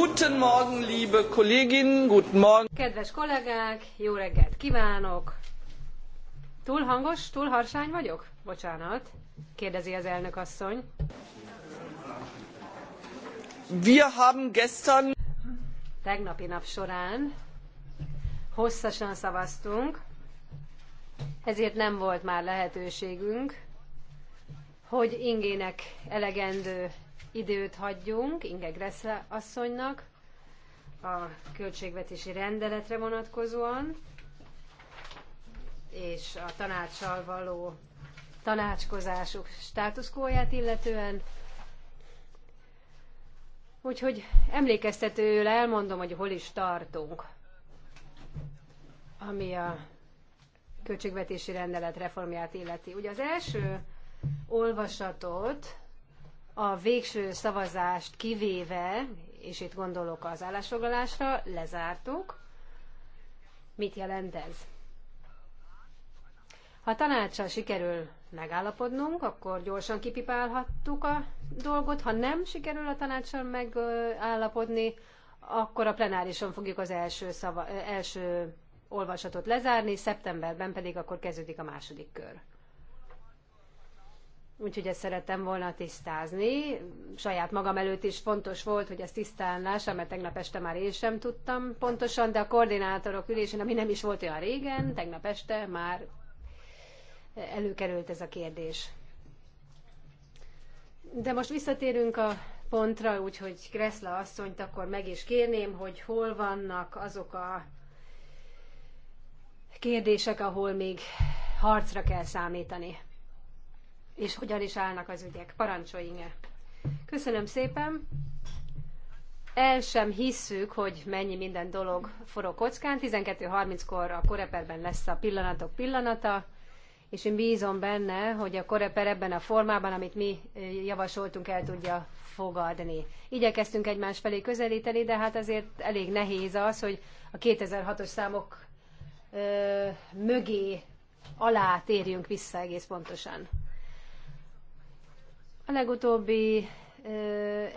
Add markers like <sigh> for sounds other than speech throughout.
Guten Morgen, liebe Kolleginnen, guten Morgen. Kedves kollégák, jó reggelt kívánok! Túl hangos, túl harsány vagyok? Bocsánat, kérdezi az elnök asszony. Wir haben gestern... Tegnapi nap során hosszasan szavaztunk, ezért nem volt már lehetőségünk, hogy ingének elegendő időt hagyjunk Inge Gressle asszonynak a költségvetési rendeletre vonatkozóan, és a tanácssal való tanácskozásuk státuszkóját illetően. Úgyhogy emlékeztetőül elmondom, hogy hol is tartunk, ami a költségvetési rendelet reformját illeti. Ugye az első olvasatot a végső szavazást kivéve, és itt gondolok az állásfoglalásra, lezártuk. Mit jelent ez? Ha tanácsal sikerül megállapodnunk, akkor gyorsan kipipálhattuk a dolgot. Ha nem sikerül a tanácsal megállapodni, akkor a plenárison fogjuk az első, szava, első olvasatot lezárni, szeptemberben pedig akkor kezdődik a második kör. Úgyhogy ezt szerettem volna tisztázni. Saját magam előtt is fontos volt, hogy ezt tisztán lássam, mert tegnap este már én sem tudtam pontosan, de a koordinátorok ülésén, ami nem is volt olyan régen, tegnap este már előkerült ez a kérdés. De most visszatérünk a pontra, úgyhogy Kreszla asszonyt akkor meg is kérném, hogy hol vannak azok a kérdések, ahol még harcra kell számítani és hogyan is állnak az ügyek. Parancsoljunk-e! Köszönöm szépen! El sem hisszük, hogy mennyi minden dolog forog kockán. 12.30-kor a koreperben lesz a pillanatok pillanata, és én bízom benne, hogy a koreper ebben a formában, amit mi eh, javasoltunk, el tudja fogadni. Igyekeztünk egymás felé közelíteni, de hát azért elég nehéz az, hogy a 2006-os számok ö, eh, mögé alá térjünk vissza egész pontosan legutóbbi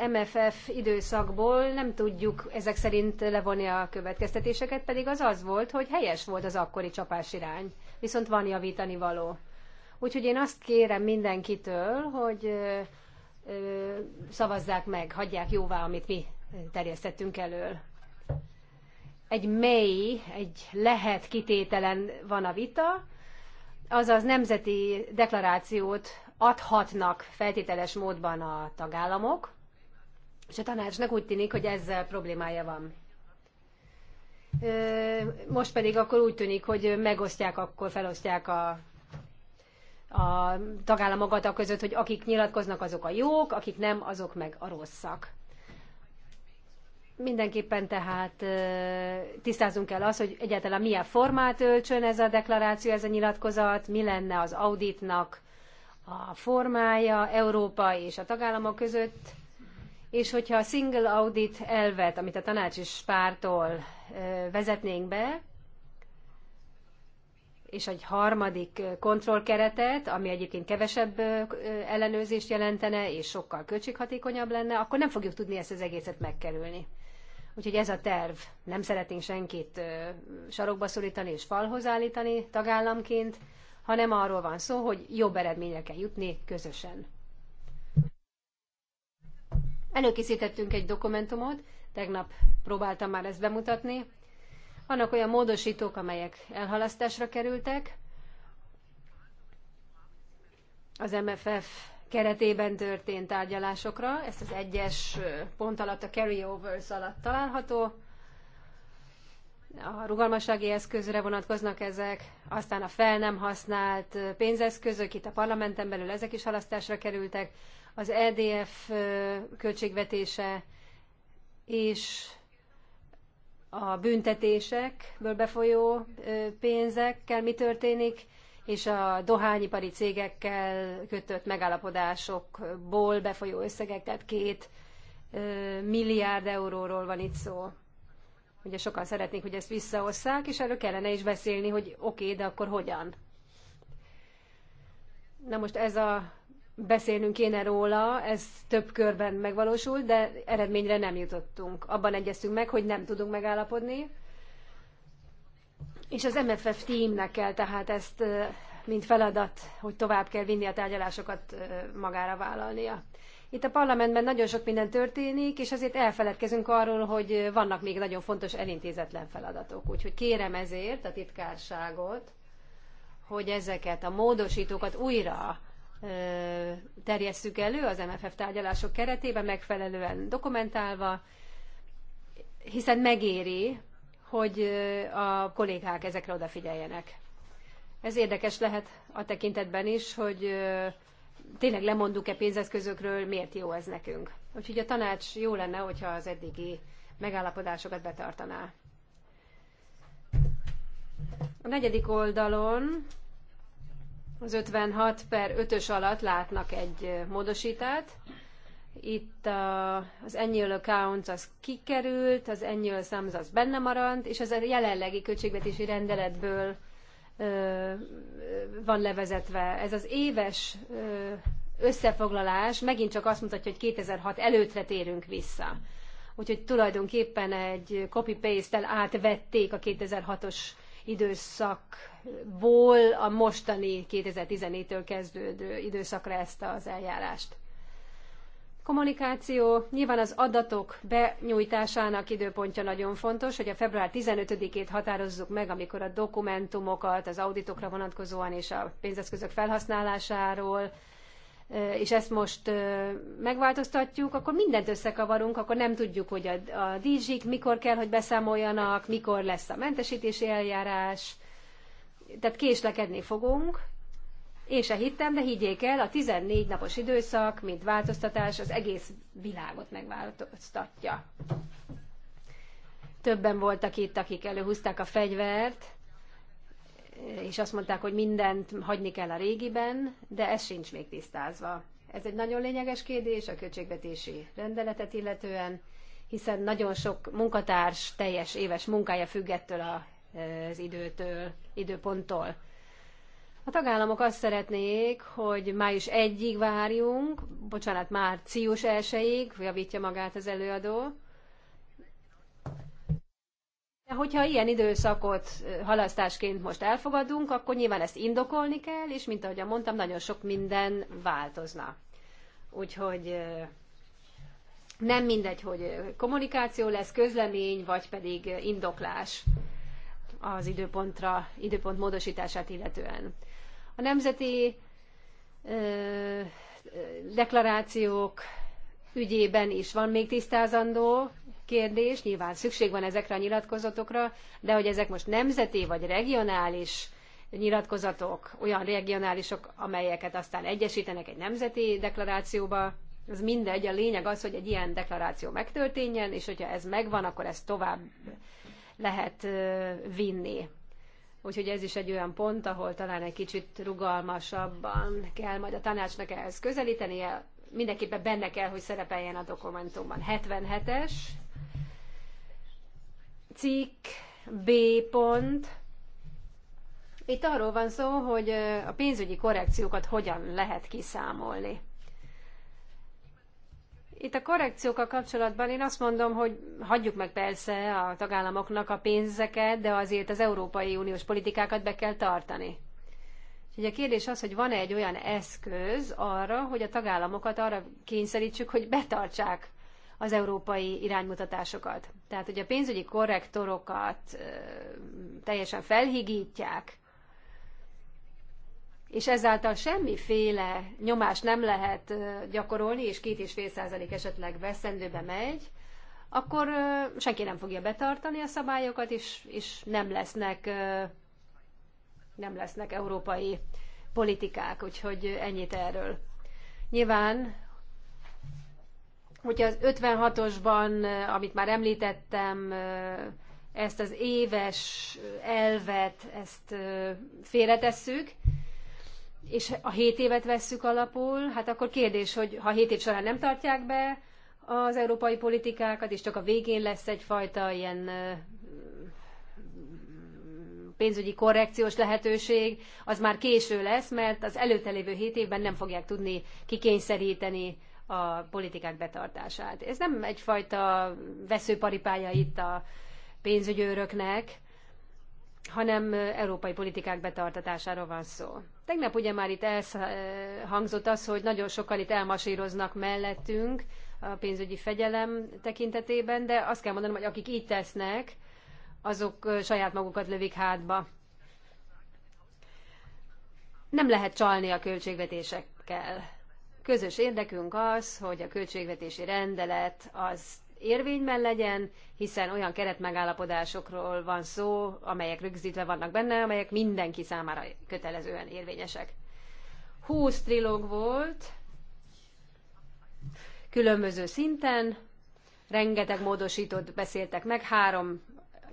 MFF időszakból nem tudjuk ezek szerint levonni a következtetéseket, pedig az az volt, hogy helyes volt az akkori csapásirány, viszont van javítani való. Úgyhogy én azt kérem mindenkitől, hogy szavazzák meg, hagyják jóvá, amit mi terjesztettünk elől. Egy mely, egy lehet kitételen van a vita, azaz nemzeti deklarációt adhatnak feltételes módban a tagállamok, és a tanácsnak úgy tűnik, hogy ezzel problémája van. Most pedig akkor úgy tűnik, hogy megosztják, akkor felosztják a a tagállamokat a között, hogy akik nyilatkoznak, azok a jók, akik nem, azok meg a rosszak. Mindenképpen tehát tisztázunk el az, hogy egyáltalán milyen formát öltsön ez a deklaráció, ez a nyilatkozat, mi lenne az auditnak a formája Európa és a tagállamok között, és hogyha a single audit elvet, amit a tanács is pártól vezetnénk be, és egy harmadik kontrollkeretet, ami egyébként kevesebb ellenőrzést jelentene, és sokkal költséghatékonyabb lenne, akkor nem fogjuk tudni ezt az egészet megkerülni. Úgyhogy ez a terv. Nem szeretnénk senkit sarokba szorítani és falhoz állítani tagállamként, hanem arról van szó, hogy jobb eredményre kell jutni közösen. Előkészítettünk egy dokumentumot, tegnap próbáltam már ezt bemutatni. Vannak olyan módosítók, amelyek elhalasztásra kerültek. Az MFF keretében történt tárgyalásokra, ezt az egyes pont alatt a carryovers alatt található a rugalmassági eszközre vonatkoznak ezek, aztán a fel nem használt pénzeszközök, itt a parlamenten belül ezek is halasztásra kerültek, az EDF költségvetése és a büntetésekből befolyó pénzekkel mi történik, és a dohányipari cégekkel kötött megállapodásokból befolyó összegek, tehát két milliárd euróról van itt szó. Ugye sokan szeretnék, hogy ezt visszaosszák, és erről kellene is beszélni, hogy oké, okay, de akkor hogyan. Na most ez a beszélnünk kéne róla, ez több körben megvalósult, de eredményre nem jutottunk. Abban egyeztünk meg, hogy nem tudunk megállapodni, és az MFF teamnek kell tehát ezt, mint feladat, hogy tovább kell vinni a tárgyalásokat magára vállalnia. Itt a parlamentben nagyon sok minden történik, és azért elfeledkezünk arról, hogy vannak még nagyon fontos elintézetlen feladatok. Úgyhogy kérem ezért a titkárságot, hogy ezeket a módosítókat újra terjesszük elő az MFF tárgyalások keretében, megfelelően dokumentálva, hiszen megéri, hogy a kollégák ezekre odafigyeljenek. Ez érdekes lehet a tekintetben is, hogy tényleg lemondunk-e pénzeszközökről, miért jó ez nekünk. Úgyhogy a tanács jó lenne, hogyha az eddigi megállapodásokat betartaná. A negyedik oldalon az 56 per 5-ös alatt látnak egy módosítást. Itt az annual accounts az kikerült, az annual sums az benne maradt, és az a jelenlegi költségvetési rendeletből van levezetve. Ez az éves összefoglalás megint csak azt mutatja, hogy 2006 előttre térünk vissza. Úgyhogy tulajdonképpen egy copy-paste-tel átvették a 2006-os időszakból a mostani 2014-től kezdődő időszakra ezt az eljárást kommunikáció. Nyilván az adatok benyújtásának időpontja nagyon fontos, hogy a február 15-ét határozzuk meg, amikor a dokumentumokat az auditokra vonatkozóan és a pénzeszközök felhasználásáról, és ezt most megváltoztatjuk, akkor mindent összekavarunk, akkor nem tudjuk, hogy a, a dj mikor kell, hogy beszámoljanak, mikor lesz a mentesítési eljárás, tehát késlekedni fogunk, én se hittem, de higgyék el, a 14 napos időszak, mint változtatás, az egész világot megváltoztatja. Többen voltak itt, akik előhúzták a fegyvert, és azt mondták, hogy mindent hagyni kell a régiben, de ez sincs még tisztázva. Ez egy nagyon lényeges kérdés a költségvetési rendeletet illetően, hiszen nagyon sok munkatárs teljes éves munkája függettől az időtől, időponttól. A tagállamok azt szeretnék, hogy május 1-ig várjunk, bocsánat, március 1-ig, javítja magát az előadó. De hogyha ilyen időszakot halasztásként most elfogadunk, akkor nyilván ezt indokolni kell, és mint ahogy mondtam, nagyon sok minden változna. Úgyhogy nem mindegy, hogy kommunikáció lesz, közlemény, vagy pedig indoklás az időpontra, időpont módosítását illetően. A nemzeti ö, deklarációk ügyében is van még tisztázandó kérdés, nyilván szükség van ezekre a nyilatkozatokra, de hogy ezek most nemzeti vagy regionális nyilatkozatok, olyan regionálisok, amelyeket aztán egyesítenek egy nemzeti deklarációba, az mindegy, a lényeg az, hogy egy ilyen deklaráció megtörténjen, és hogyha ez megvan, akkor ezt tovább lehet vinni. Úgyhogy ez is egy olyan pont, ahol talán egy kicsit rugalmasabban kell majd a tanácsnak ehhez közelítenie. Mindenképpen benne kell, hogy szerepeljen a dokumentumban. 77-es cikk B pont. Itt arról van szó, hogy a pénzügyi korrekciókat hogyan lehet kiszámolni. Itt a korrekciókkal kapcsolatban én azt mondom, hogy hagyjuk meg persze a tagállamoknak a pénzeket, de azért az Európai Uniós politikákat be kell tartani. Úgyhogy a kérdés az, hogy van-e egy olyan eszköz arra, hogy a tagállamokat arra kényszerítsük, hogy betartsák az európai iránymutatásokat. Tehát, hogy a pénzügyi korrektorokat ö, teljesen felhigítják, és ezáltal semmiféle nyomás nem lehet gyakorolni, és két és fél százalék esetleg veszendőbe megy, akkor senki nem fogja betartani a szabályokat, és, és nem lesznek nem lesznek európai politikák, úgyhogy ennyit erről. Nyilván, hogyha az 56-osban, amit már említettem, ezt az éves elvet, ezt félretesszük, és a 7 évet vesszük alapul, hát akkor kérdés, hogy ha 7 év során nem tartják be az európai politikákat, és csak a végén lesz egyfajta ilyen pénzügyi korrekciós lehetőség, az már késő lesz, mert az előtte lévő 7 évben nem fogják tudni kikényszeríteni a politikák betartását. Ez nem egyfajta veszőparipája itt a pénzügyőröknek, hanem európai politikák betartatására van szó. Tegnap ugye már itt elhangzott az, hogy nagyon sokan itt elmasíroznak mellettünk a pénzügyi fegyelem tekintetében, de azt kell mondanom, hogy akik így tesznek, azok saját magukat lövik hátba. Nem lehet csalni a költségvetésekkel. Közös érdekünk az, hogy a költségvetési rendelet az érvényben legyen, hiszen olyan keretmegállapodásokról van szó, amelyek rögzítve vannak benne, amelyek mindenki számára kötelezően érvényesek. Húsz trilóg volt, különböző szinten, rengeteg módosítót beszéltek meg, három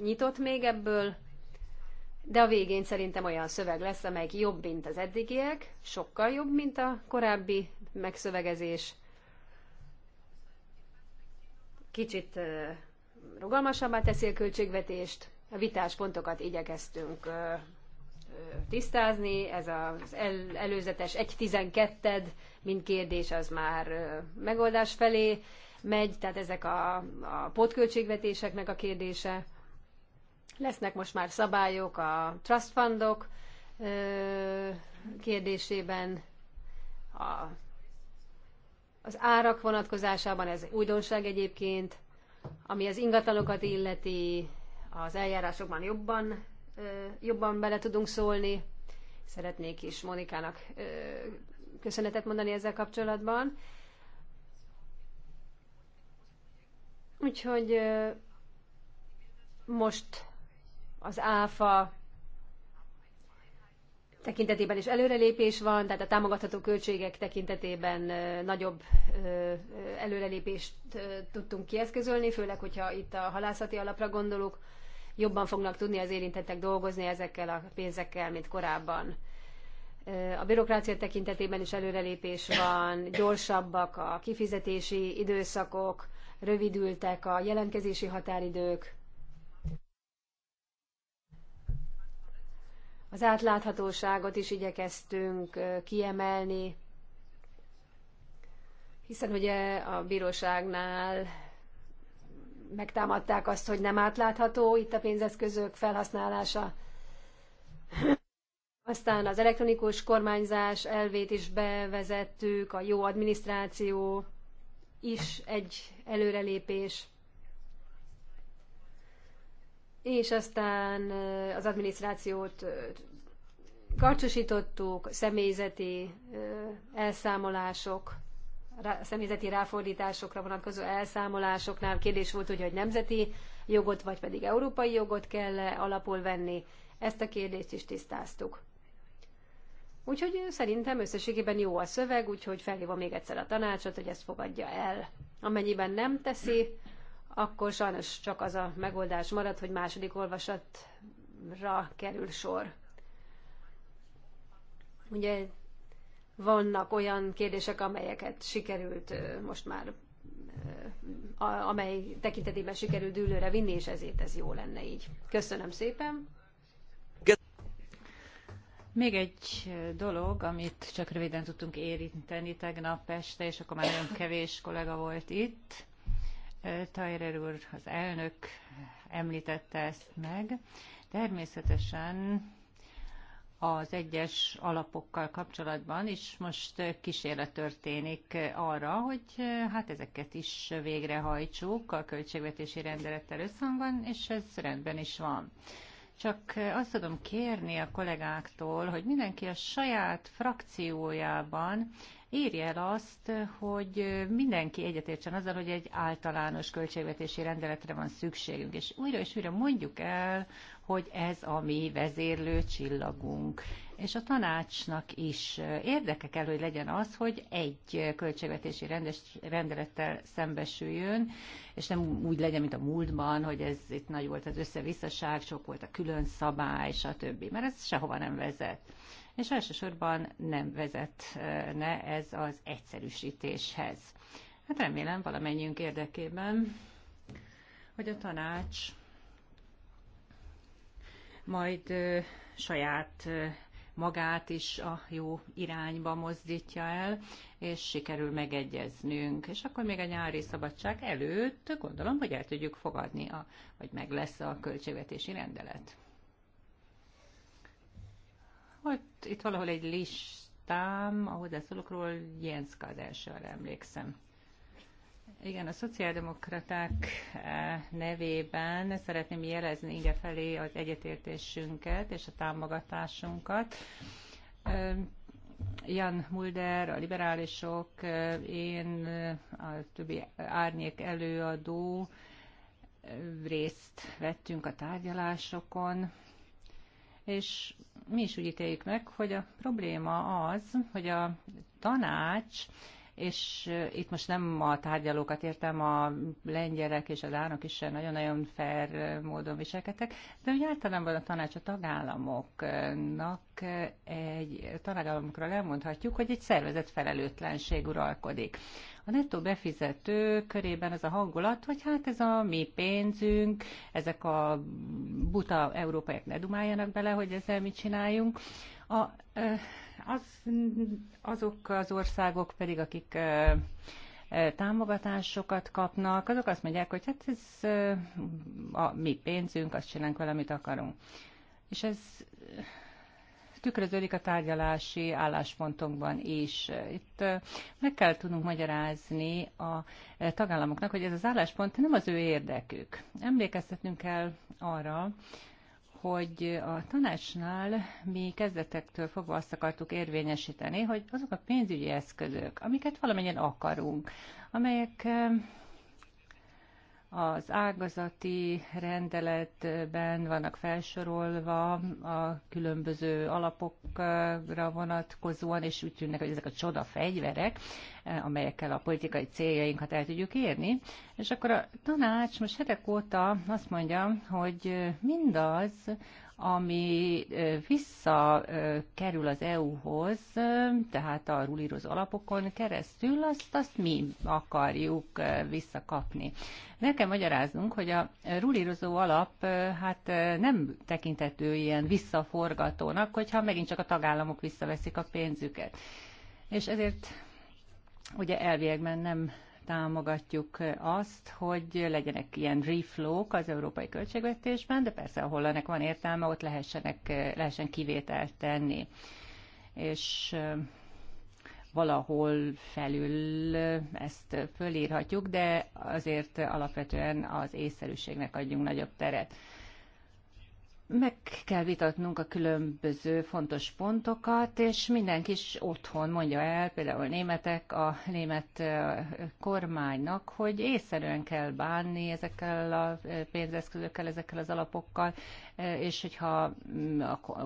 nyitott még ebből, de a végén szerintem olyan szöveg lesz, amelyik jobb, mint az eddigiek, sokkal jobb, mint a korábbi megszövegezés, kicsit rugalmasabbá teszi a költségvetést. A vitás pontokat igyekeztünk tisztázni, ez az el, előzetes 1.12-ed, mint kérdés, az már megoldás felé megy, tehát ezek a, a pótköltségvetéseknek a kérdése. Lesznek most már szabályok a trust fundok kérdésében, a az árak vonatkozásában ez újdonság egyébként, ami az ingatlanokat illeti, az eljárásokban jobban, jobban bele tudunk szólni. Szeretnék is Monikának köszönetet mondani ezzel kapcsolatban. Úgyhogy most az ÁFA tekintetében is előrelépés van, tehát a támogatható költségek tekintetében nagyobb előrelépést tudtunk kieszközölni, főleg, hogyha itt a halászati alapra gondolok, jobban fognak tudni az érintettek dolgozni ezekkel a pénzekkel, mint korábban. A bürokrácia tekintetében is előrelépés van, gyorsabbak a kifizetési időszakok, rövidültek a jelentkezési határidők, Az átláthatóságot is igyekeztünk kiemelni, hiszen ugye a bíróságnál megtámadták azt, hogy nem átlátható itt a pénzeszközök felhasználása. <clears throat> Aztán az elektronikus kormányzás elvét is bevezettük, a jó adminisztráció is egy előrelépés és aztán az adminisztrációt karcsosítottuk, személyzeti elszámolások, személyzeti ráfordításokra vonatkozó elszámolásoknál kérdés volt, hogy hogy nemzeti jogot, vagy pedig európai jogot kell alapul venni. Ezt a kérdést is tisztáztuk. Úgyhogy szerintem összességében jó a szöveg, úgyhogy felhívom még egyszer a tanácsot, hogy ezt fogadja el. Amennyiben nem teszi, akkor sajnos csak az a megoldás marad, hogy második olvasatra kerül sor. Ugye vannak olyan kérdések, amelyeket sikerült most már, amely tekintetében sikerült dűlőre vinni, és ezért ez jó lenne így. Köszönöm szépen! Még egy dolog, amit csak röviden tudtunk érinteni tegnap este, és akkor már nagyon kevés kollega volt itt Tajrer úr, az elnök említette ezt meg. Természetesen az egyes alapokkal kapcsolatban is most kísérlet történik arra, hogy eh, hát ezeket is végrehajtsuk a költségvetési rendelettel összhangban, és ez rendben is van. Csak eh, azt tudom kérni a kollégáktól, hogy mindenki a saját frakciójában érje el azt, hogy mindenki egyetértsen azzal, hogy egy általános költségvetési rendeletre van szükségünk. És újra és újra mondjuk el, hogy ez a mi vezérlő csillagunk. És a tanácsnak is érdeke kell, hogy legyen az, hogy egy költségvetési rendes, rendelettel szembesüljön, és nem úgy legyen, mint a múltban, hogy ez itt nagy volt az összevisszaság, sok volt a külön szabály, stb. Mert ez sehova nem vezet és elsősorban nem vezetne ez az egyszerűsítéshez. Hát remélem valamennyiünk érdekében, hogy a tanács majd saját magát is a jó irányba mozdítja el, és sikerül megegyeznünk. És akkor még a nyári szabadság előtt gondolom, hogy el tudjuk fogadni, a, hogy meg lesz a költségvetési rendelet. Volt itt valahol egy listám, a hozzászólókról Jenszka az első, arra emlékszem. Igen, a szociáldemokraták eh, nevében szeretném jelezni inge felé az egyetértésünket és a támogatásunkat. Eh, Jan Mulder, a liberálisok, eh, én, a többi árnyék előadó részt vettünk a tárgyalásokon, és mi is úgy ítéljük meg, hogy a probléma az, hogy a tanács és itt most nem a tárgyalókat értem, a lengyerek és a dánok is nagyon-nagyon fair módon viselkedtek, de úgy általában a tanács a tagállamoknak egy tagállamokra elmondhatjuk, hogy egy szervezet felelőtlenség uralkodik. A nettó befizető körében ez a hangulat, hogy hát ez a mi pénzünk, ezek a buta európaiak ne dumáljanak bele, hogy ezzel mit csináljunk. A, az, azok az országok pedig, akik támogatásokat kapnak, azok azt mondják, hogy hát ez a mi pénzünk, azt csinálunk vele, amit akarunk. És ez tükröződik a tárgyalási álláspontunkban is. Itt meg kell tudnunk magyarázni a tagállamoknak, hogy ez az álláspont nem az ő érdekük. Emlékeztetnünk kell arra, hogy a tanácsnál mi kezdetektől fogva azt akartuk érvényesíteni, hogy azok a pénzügyi eszközök, amiket valamennyien akarunk, amelyek az ágazati rendeletben vannak felsorolva a különböző alapokra vonatkozóan, és úgy tűnnek, hogy ezek a csoda fegyverek, amelyekkel a politikai céljainkat el tudjuk érni. És akkor a tanács most hetek óta azt mondja, hogy mindaz, ami visszakerül az EU-hoz, tehát a rulíroz alapokon keresztül, azt, azt mi akarjuk visszakapni. Nekem kell magyaráznunk, hogy a rulírozó alap hát nem tekintető ilyen visszaforgatónak, hogyha megint csak a tagállamok visszaveszik a pénzüket. És ezért ugye elviekben nem támogatjuk azt, hogy legyenek ilyen reflow az európai költségvetésben, de persze, ahol ennek van értelme, ott lehessenek, lehessen kivételt tenni. És valahol felül ezt fölírhatjuk, de azért alapvetően az észszerűségnek adjunk nagyobb teret meg kell vitatnunk a különböző fontos pontokat, és mindenki is otthon mondja el, például németek a német kormánynak, hogy észszerűen kell bánni ezekkel a pénzeszközökkel, ezekkel az alapokkal, és hogyha mm,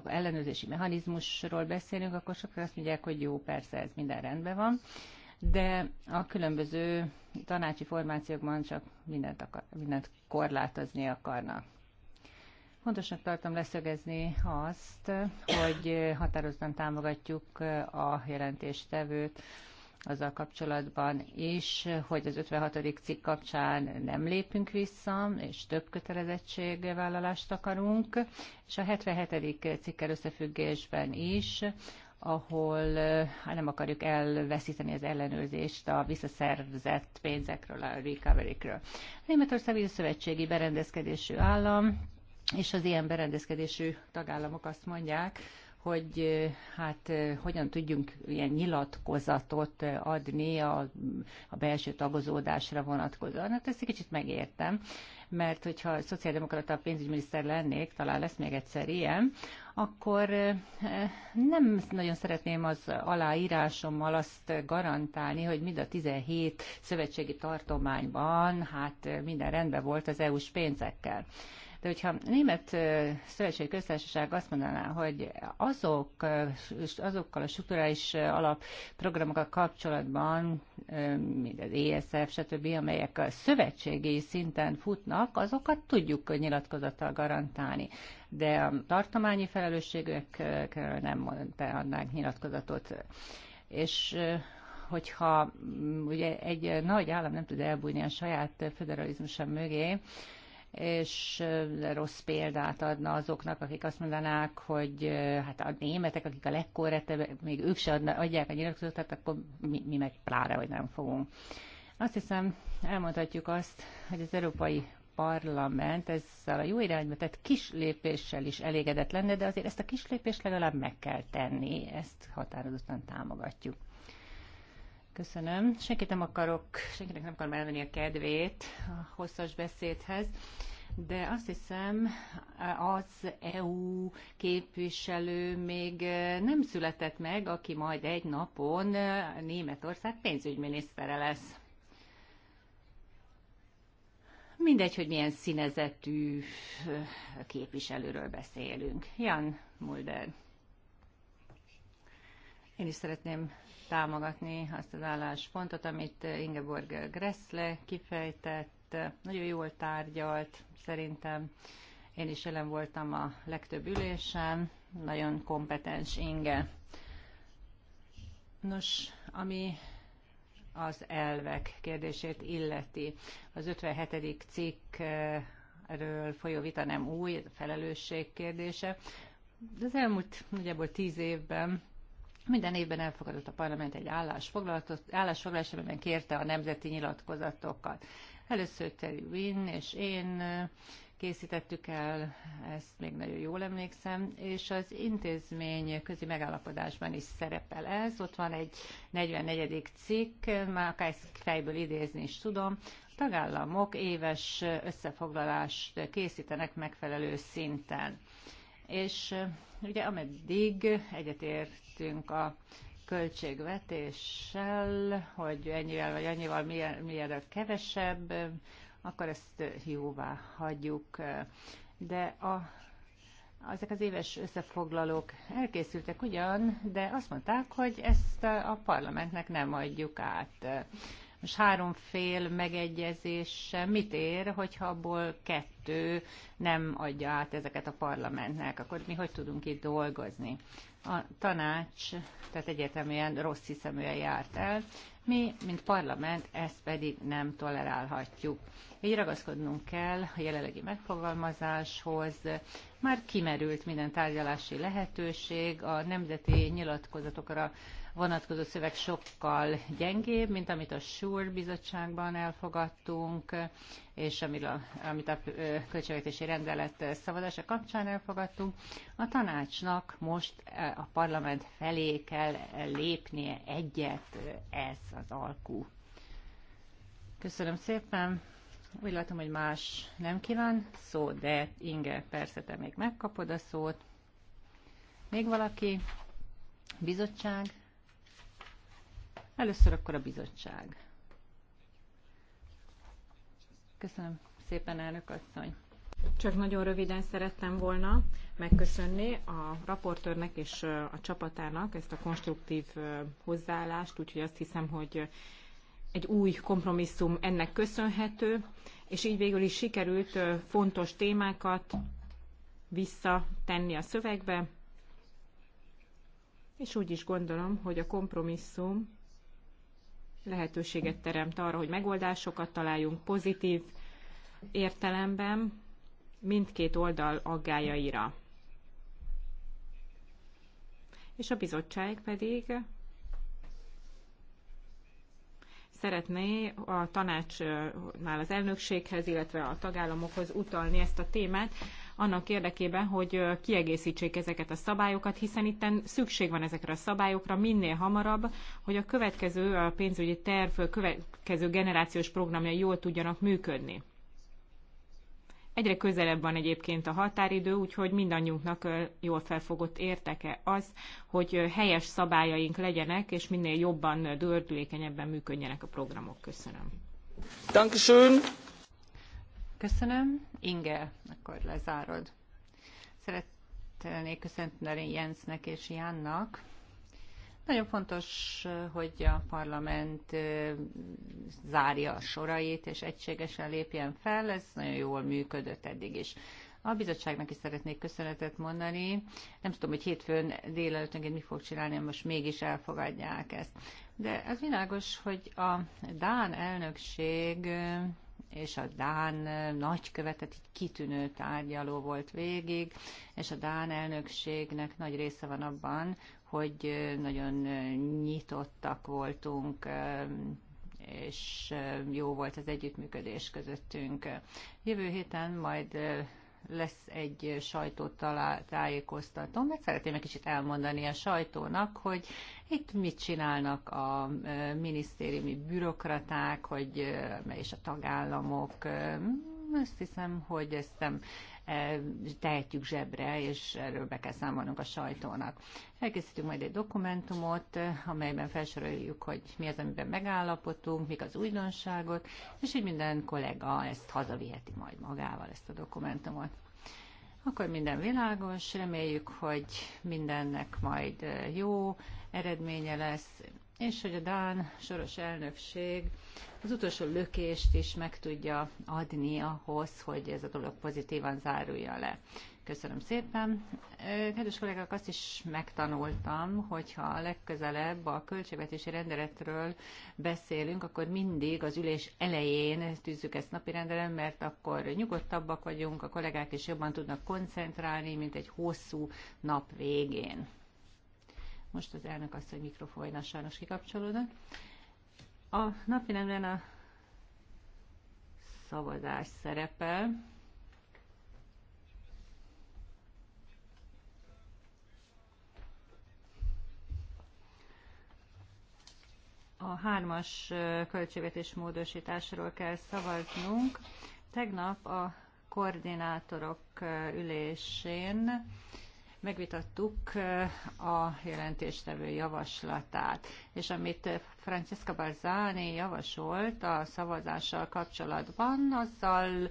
ellenőrzési mechanizmusról beszélünk, akkor sokan azt mondják, hogy jó, persze, ez minden rendben van, de a különböző tanácsi formációkban csak mindent, akar, mindent korlátozni akarnak. Fontosnak tartom leszögezni azt, hogy határozottan támogatjuk a jelentéstevőt azzal kapcsolatban is, hogy az 56. cikk kapcsán nem lépünk vissza, és több kötelezettségvállalást akarunk, és a 77. cikkel összefüggésben is, ahol hát nem akarjuk elveszíteni az ellenőrzést a visszaszerzett pénzekről, a recovery ről Németország szövetségi berendezkedésű állam, és az ilyen berendezkedésű tagállamok azt mondják, hogy hát hogyan tudjunk ilyen nyilatkozatot adni a, a belső tagozódásra vonatkozóan. Hát ezt egy kicsit megértem, mert hogyha a szociáldemokrata pénzügyminiszter lennék, talán lesz még egyszer ilyen, akkor nem nagyon szeretném az aláírásommal azt garantálni, hogy mind a 17 szövetségi tartományban hát minden rendben volt az EU-s pénzekkel. De hogyha a Német Szövetségi Köztársaság azt mondaná, hogy azok, azokkal a strukturális alapprogramokkal kapcsolatban, mint az ESF, stb., amelyek a szövetségi szinten futnak, azokat tudjuk nyilatkozattal garantálni. De a tartományi felelősségekről nem adnánk nyilatkozatot. És hogyha ugye egy nagy állam nem tud elbújni a saját föderalizmusa mögé, és rossz példát adna azoknak, akik azt mondanák, hogy hát a németek, akik a legkorrektebbek, még ők se adna, adják a nyilatkozatot, hát akkor mi, mi meg pláne, hogy nem fogunk. Azt hiszem, elmondhatjuk azt, hogy az Európai Parlament ezzel a jó irányba tett kis lépéssel is elégedett lenne, de azért ezt a kis lépést legalább meg kell tenni, ezt határozottan támogatjuk. Köszönöm. Senkit nem akarok, senkinek nem akarom elvenni a kedvét a hosszas beszédhez, de azt hiszem, az EU képviselő még nem született meg, aki majd egy napon Németország pénzügyminisztere lesz. Mindegy, hogy milyen színezetű képviselőről beszélünk. Jan Mulder. Én is szeretném támogatni azt az álláspontot, amit Ingeborg Gressle kifejtett, nagyon jól tárgyalt, szerintem én is jelen voltam a legtöbb ülésen, nagyon kompetens Inge. Nos, ami az elvek kérdését illeti. Az 57. cikkről folyó vita nem új, felelősség kérdése. De az elmúlt nagyjából tíz évben minden évben elfogadott a parlament egy állásfoglalás, amiben kérte a nemzeti nyilatkozatokat. Először Terry Wynn és én készítettük el, ezt még nagyon jól emlékszem, és az intézmény közi megállapodásban is szerepel ez. Ott van egy 44. cikk, már akár ezt fejből idézni is tudom. A tagállamok éves összefoglalást készítenek megfelelő szinten és ugye ameddig egyetértünk a költségvetéssel, hogy ennyivel vagy annyival milyen, kevesebb, akkor ezt jóvá hagyjuk. De a, ezek az éves összefoglalók elkészültek ugyan, de azt mondták, hogy ezt a parlamentnek nem adjuk át. Most három fél megegyezés mit ér, hogyha abból kettő nem adja át ezeket a parlamentnek, akkor mi hogy tudunk itt dolgozni? A tanács, tehát egyeteműen rossz hiszeműen járt el, mi, mint parlament, ezt pedig nem tolerálhatjuk. Így ragaszkodnunk kell a jelenlegi megfogalmazáshoz. Már kimerült minden tárgyalási lehetőség, a nemzeti nyilatkozatokra vonatkozó szöveg sokkal gyengébb, mint amit a SURE bizottságban elfogadtunk, és amit a költségvetési rendelet szavazása kapcsán elfogadtunk. A tanácsnak most a parlament felé kell lépnie egyet, ez az alkú. Köszönöm szépen. Úgy látom, hogy más nem kíván szó, de Inge, persze te még megkapod a szót. Még valaki? Bizottság? Először akkor a bizottság. Köszönöm szépen, elnök asszony. Csak nagyon röviden szerettem volna megköszönni a raportőrnek és a csapatának ezt a konstruktív hozzáállást, úgyhogy azt hiszem, hogy egy új kompromisszum ennek köszönhető, és így végül is sikerült fontos témákat visszatenni a szövegbe, és úgy is gondolom, hogy a kompromisszum lehetőséget teremt arra, hogy megoldásokat találjunk pozitív értelemben mindkét oldal aggájaira. És a bizottság pedig szeretné a tanácsnál az elnökséghez, illetve a tagállamokhoz utalni ezt a témát, annak érdekében, hogy kiegészítsék ezeket a szabályokat, hiszen itten szükség van ezekre a szabályokra minél hamarabb, hogy a következő a pénzügyi terv következő generációs programja jól tudjanak működni. Egyre közelebb van egyébként a határidő, úgyhogy mindannyiunknak jól felfogott érteke az, hogy helyes szabályaink legyenek, és minél jobban, dördülékenyebben működjenek a programok. Köszönöm. Dankeschön. Köszönöm. Inge, akkor lezárod. Szeretnék köszönteni Jensnek és Jánnak. Nagyon fontos, hogy a parlament zárja a sorait, és egységesen lépjen fel, ez nagyon jól működött eddig is. A bizottságnak is szeretnék köszönetet mondani. Nem tudom, hogy hétfőn délelőtt mi fog csinálni, most mégis elfogadják ezt. De az világos, hogy a Dán elnökség és a Dán nagykövetet egy kitűnő tárgyaló volt végig, és a Dán elnökségnek nagy része van abban, hogy nagyon nyitottak voltunk és jó volt az együttműködés közöttünk. Jövő héten majd lesz egy sajtótájékoztató, mert szeretném egy kicsit elmondani a sajtónak, hogy itt mit csinálnak a minisztériumi bürokraták, hogy és a tagállamok. Azt hiszem, hogy ezt nem E, tehetjük zsebre, és erről be kell számolnunk a sajtónak. Elkészítünk majd egy dokumentumot, e, amelyben felsoroljuk, hogy mi az, amiben megállapodtunk, mik az újdonságot, és így minden kollega ezt hazaviheti majd magával, ezt a dokumentumot. Akkor minden világos, reméljük, hogy mindennek majd e, jó eredménye lesz, és hogy a Dán soros elnökség az utolsó lökést is meg tudja adni ahhoz, hogy ez a dolog pozitívan zárulja le. Köszönöm szépen. Kedves kollégák, azt is megtanultam, hogyha legközelebb a költségvetési rendeletről beszélünk, akkor mindig az ülés elején tűzzük ezt rendelem, mert akkor nyugodtabbak vagyunk, a kollégák is jobban tudnak koncentrálni, mint egy hosszú nap végén. Most az elnök hogy mikrofonja sajnos kikapcsolódott. A napirenden a szavazás szerepel. A hármas költségvetés módosításról kell szavaznunk. Tegnap a koordinátorok ülésén megvitattuk eh, a jelentéstevő javaslatát, és amit Francesca Barzani javasolt a szavazással kapcsolatban, azzal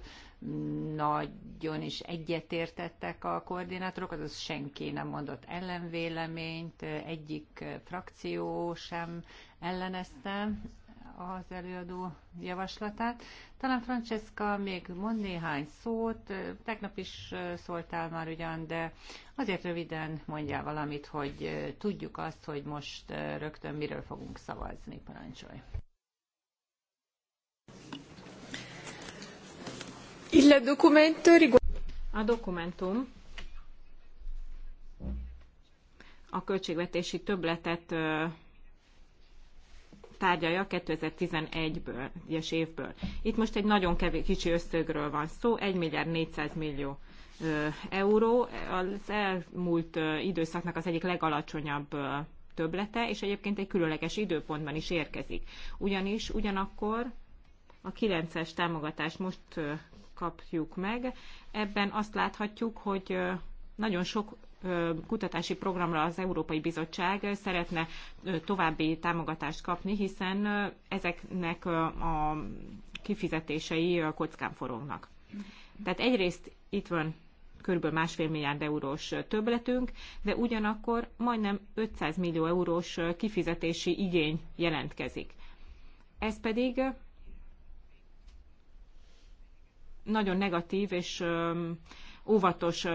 nagyon is egyetértettek a koordinátorok, azaz senki nem mondott ellenvéleményt, egyik frakció sem ellenezte az előadó javaslatát. Talán Francesca még mond néhány szót, tegnap is szóltál már ugyan, de azért röviden mondjál valamit, hogy tudjuk azt, hogy most rögtön miről fogunk szavazni, parancsolj. A dokumentum a költségvetési többletet tárgyalja 2011-es évből. Itt most egy nagyon kevés kicsi összegről van szó, 1 milliárd 400 millió euró. Az elmúlt időszaknak az egyik legalacsonyabb töblete, és egyébként egy különleges időpontban is érkezik. Ugyanis ugyanakkor a 9-es támogatást most kapjuk meg. Ebben azt láthatjuk, hogy nagyon sok kutatási programra az Európai Bizottság szeretne további támogatást kapni, hiszen ezeknek a kifizetései a kockán forognak. Tehát egyrészt itt van kb. másfél milliárd eurós többletünk, de ugyanakkor majdnem 500 millió eurós kifizetési igény jelentkezik. Ez pedig nagyon negatív és óvatos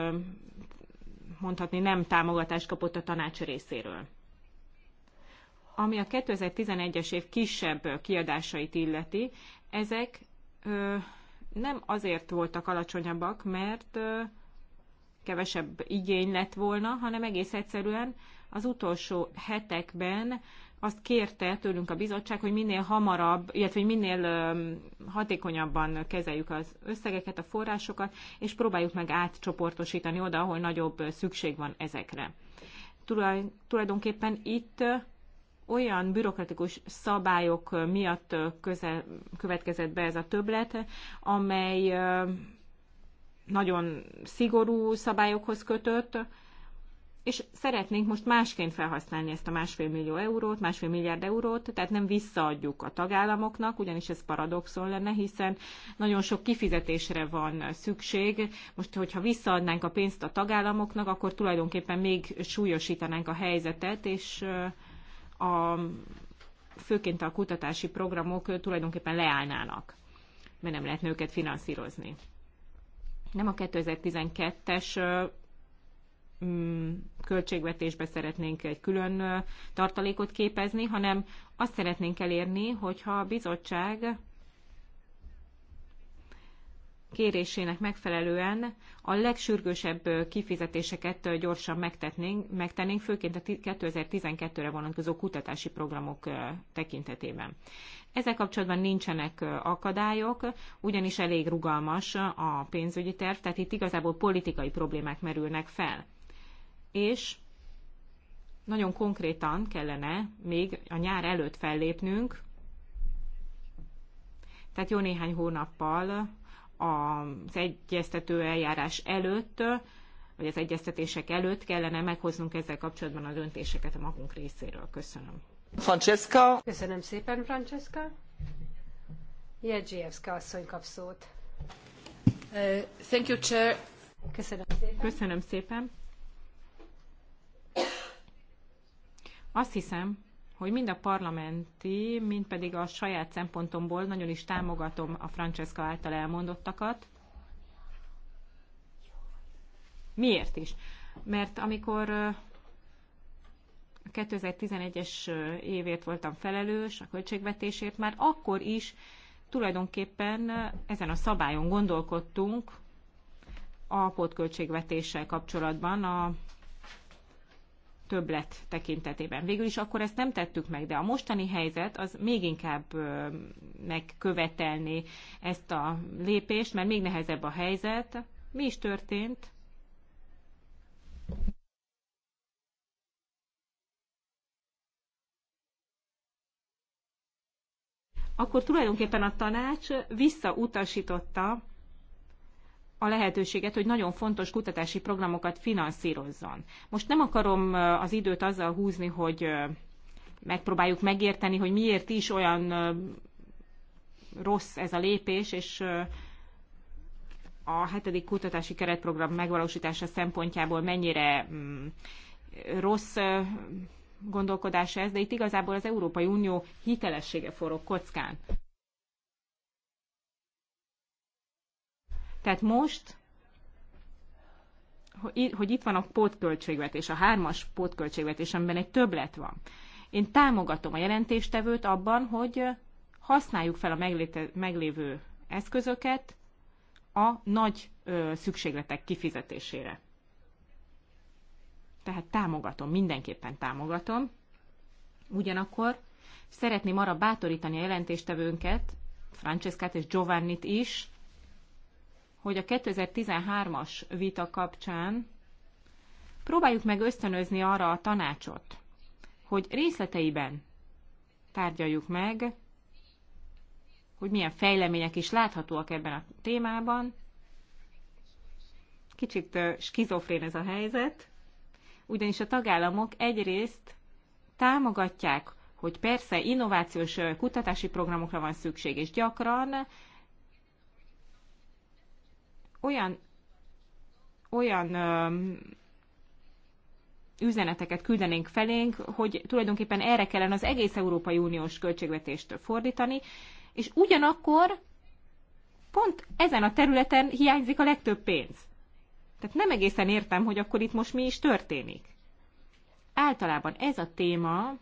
mondhatni nem támogatást kapott a tanács részéről. Ami a 2011-es év kisebb kiadásait illeti, ezek ö, nem azért voltak alacsonyabbak, mert ö, kevesebb igény lett volna, hanem egész egyszerűen az utolsó hetekben azt kérte tőlünk a bizottság, hogy minél hamarabb, illetve hogy minél hatékonyabban kezeljük az összegeket, a forrásokat, és próbáljuk meg átcsoportosítani oda, ahol nagyobb szükség van ezekre. Tulajdonképpen itt olyan bürokratikus szabályok miatt közel, következett be ez a többlet, amely nagyon szigorú szabályokhoz kötött, és szeretnénk most másként felhasználni ezt a másfél millió eurót, másfél milliárd eurót, tehát nem visszaadjuk a tagállamoknak, ugyanis ez paradoxon lenne, hiszen nagyon sok kifizetésre van szükség. Most, hogyha visszaadnánk a pénzt a tagállamoknak, akkor tulajdonképpen még súlyosítanánk a helyzetet, és a, főként a kutatási programok tulajdonképpen leállnának, mert nem lehetne őket finanszírozni. Nem a 2012-es Mm, költségvetésbe szeretnénk egy külön tartalékot képezni, hanem azt szeretnénk elérni, hogyha a bizottság kérésének megfelelően a legsürgősebb kifizetéseket gyorsan megtetnénk, megtennénk, főként a 2012-re vonatkozó kutatási programok tekintetében. Ezzel kapcsolatban nincsenek akadályok, ugyanis elég rugalmas a pénzügyi terv, tehát itt igazából politikai problémák merülnek fel és nagyon konkrétan kellene még a nyár előtt fellépnünk, tehát jó néhány hónappal az egyeztető eljárás előtt, vagy az egyeztetések előtt kellene meghoznunk ezzel kapcsolatban a döntéseket a magunk részéről. Köszönöm. Francesca. Köszönöm szépen, Francesca. Jedzsijewska asszony kap szót. Uh, thank you, Chair. Köszönöm szépen. Köszönöm szépen. Azt hiszem, hogy mind a parlamenti, mind pedig a saját szempontomból nagyon is támogatom a Francesca által elmondottakat. Miért is? Mert amikor a 2011-es évért voltam felelős, a költségvetésért, már akkor is tulajdonképpen ezen a szabályon gondolkodtunk a pótköltségvetéssel kapcsolatban, a többlet tekintetében. Végül is akkor ezt nem tettük meg, de a mostani helyzet az még inkább megkövetelni ezt a lépést, mert még nehezebb a helyzet. Mi is történt? Akkor tulajdonképpen a tanács visszautasította a lehetőséget, hogy nagyon fontos kutatási programokat finanszírozzon. Most nem akarom az időt azzal húzni, hogy megpróbáljuk megérteni, hogy miért is olyan rossz ez a lépés, és a hetedik kutatási keretprogram megvalósítása szempontjából mennyire mm, rossz gondolkodás ez, de itt igazából az Európai Unió hitelessége forog kockán. Tehát most, hogy itt van a pótköltségvetés, a hármas pótköltségvetés, amiben egy többlet van. Én támogatom a jelentéstevőt abban, hogy használjuk fel a meglévő eszközöket a nagy szükségletek kifizetésére. Tehát támogatom, mindenképpen támogatom. Ugyanakkor szeretném arra bátorítani a jelentéstevőnket, Francescát és Giovannit is, hogy a 2013-as vita kapcsán próbáljuk meg ösztönözni arra a tanácsot, hogy részleteiben tárgyaljuk meg, hogy milyen fejlemények is láthatóak ebben a témában. Kicsit skizofrén ez a helyzet, ugyanis a tagállamok egyrészt támogatják, hogy persze innovációs kutatási programokra van szükség, és gyakran olyan, olyan öm, üzeneteket küldenénk felénk, hogy tulajdonképpen erre kellene az egész Európai Uniós költségvetést fordítani, és ugyanakkor pont ezen a területen hiányzik a legtöbb pénz. Tehát nem egészen értem, hogy akkor itt most mi is történik. Általában ez a téma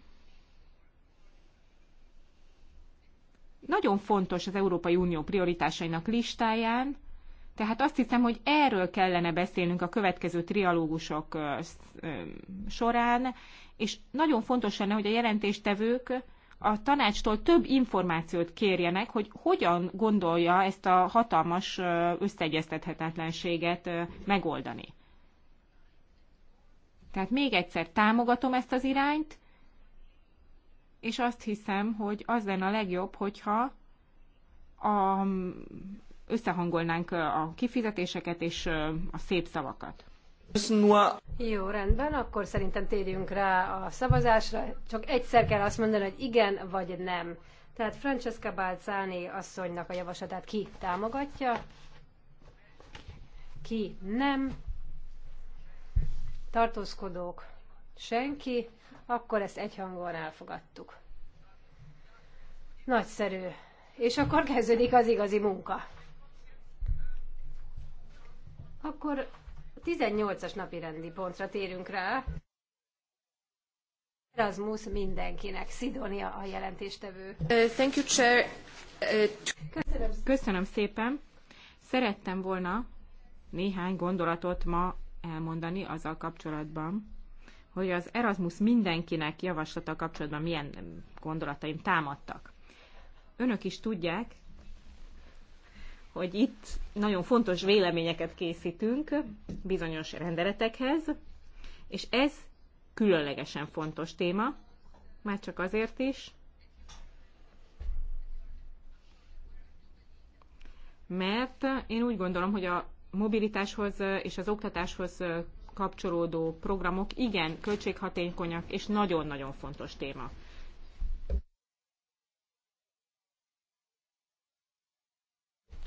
nagyon fontos az Európai Unió prioritásainak listáján, tehát azt hiszem, hogy erről kellene beszélnünk a következő trialógusok során, és nagyon fontos lenne, hogy a jelentéstevők a tanácstól több információt kérjenek, hogy hogyan gondolja ezt a hatalmas összeegyeztethetetlenséget megoldani. Tehát még egyszer támogatom ezt az irányt, és azt hiszem, hogy az lenne a legjobb, hogyha a összehangolnánk a kifizetéseket és a szép szavakat. Jó, rendben, akkor szerintem térjünk rá a szavazásra. Csak egyszer kell azt mondani, hogy igen vagy nem. Tehát Francesca Balzani asszonynak a javaslatát ki támogatja, ki nem, tartózkodók senki, akkor ezt egyhangon elfogadtuk. Nagyszerű. És akkor kezdődik az igazi munka. Akkor 18-as napi rendi pontra térünk rá. Erasmus mindenkinek, Szidónia a jelentéstevő. Uh, thank you, Chair. Uh, Köszönöm. Köszönöm szépen. Szerettem volna néhány gondolatot ma elmondani azzal kapcsolatban, hogy az Erasmus mindenkinek javaslata kapcsolatban milyen gondolataim támadtak. Önök is tudják, hogy itt nagyon fontos véleményeket készítünk bizonyos rendeletekhez, és ez különlegesen fontos téma, már csak azért is, mert én úgy gondolom, hogy a mobilitáshoz és az oktatáshoz kapcsolódó programok igen költséghatékonyak és nagyon-nagyon fontos téma.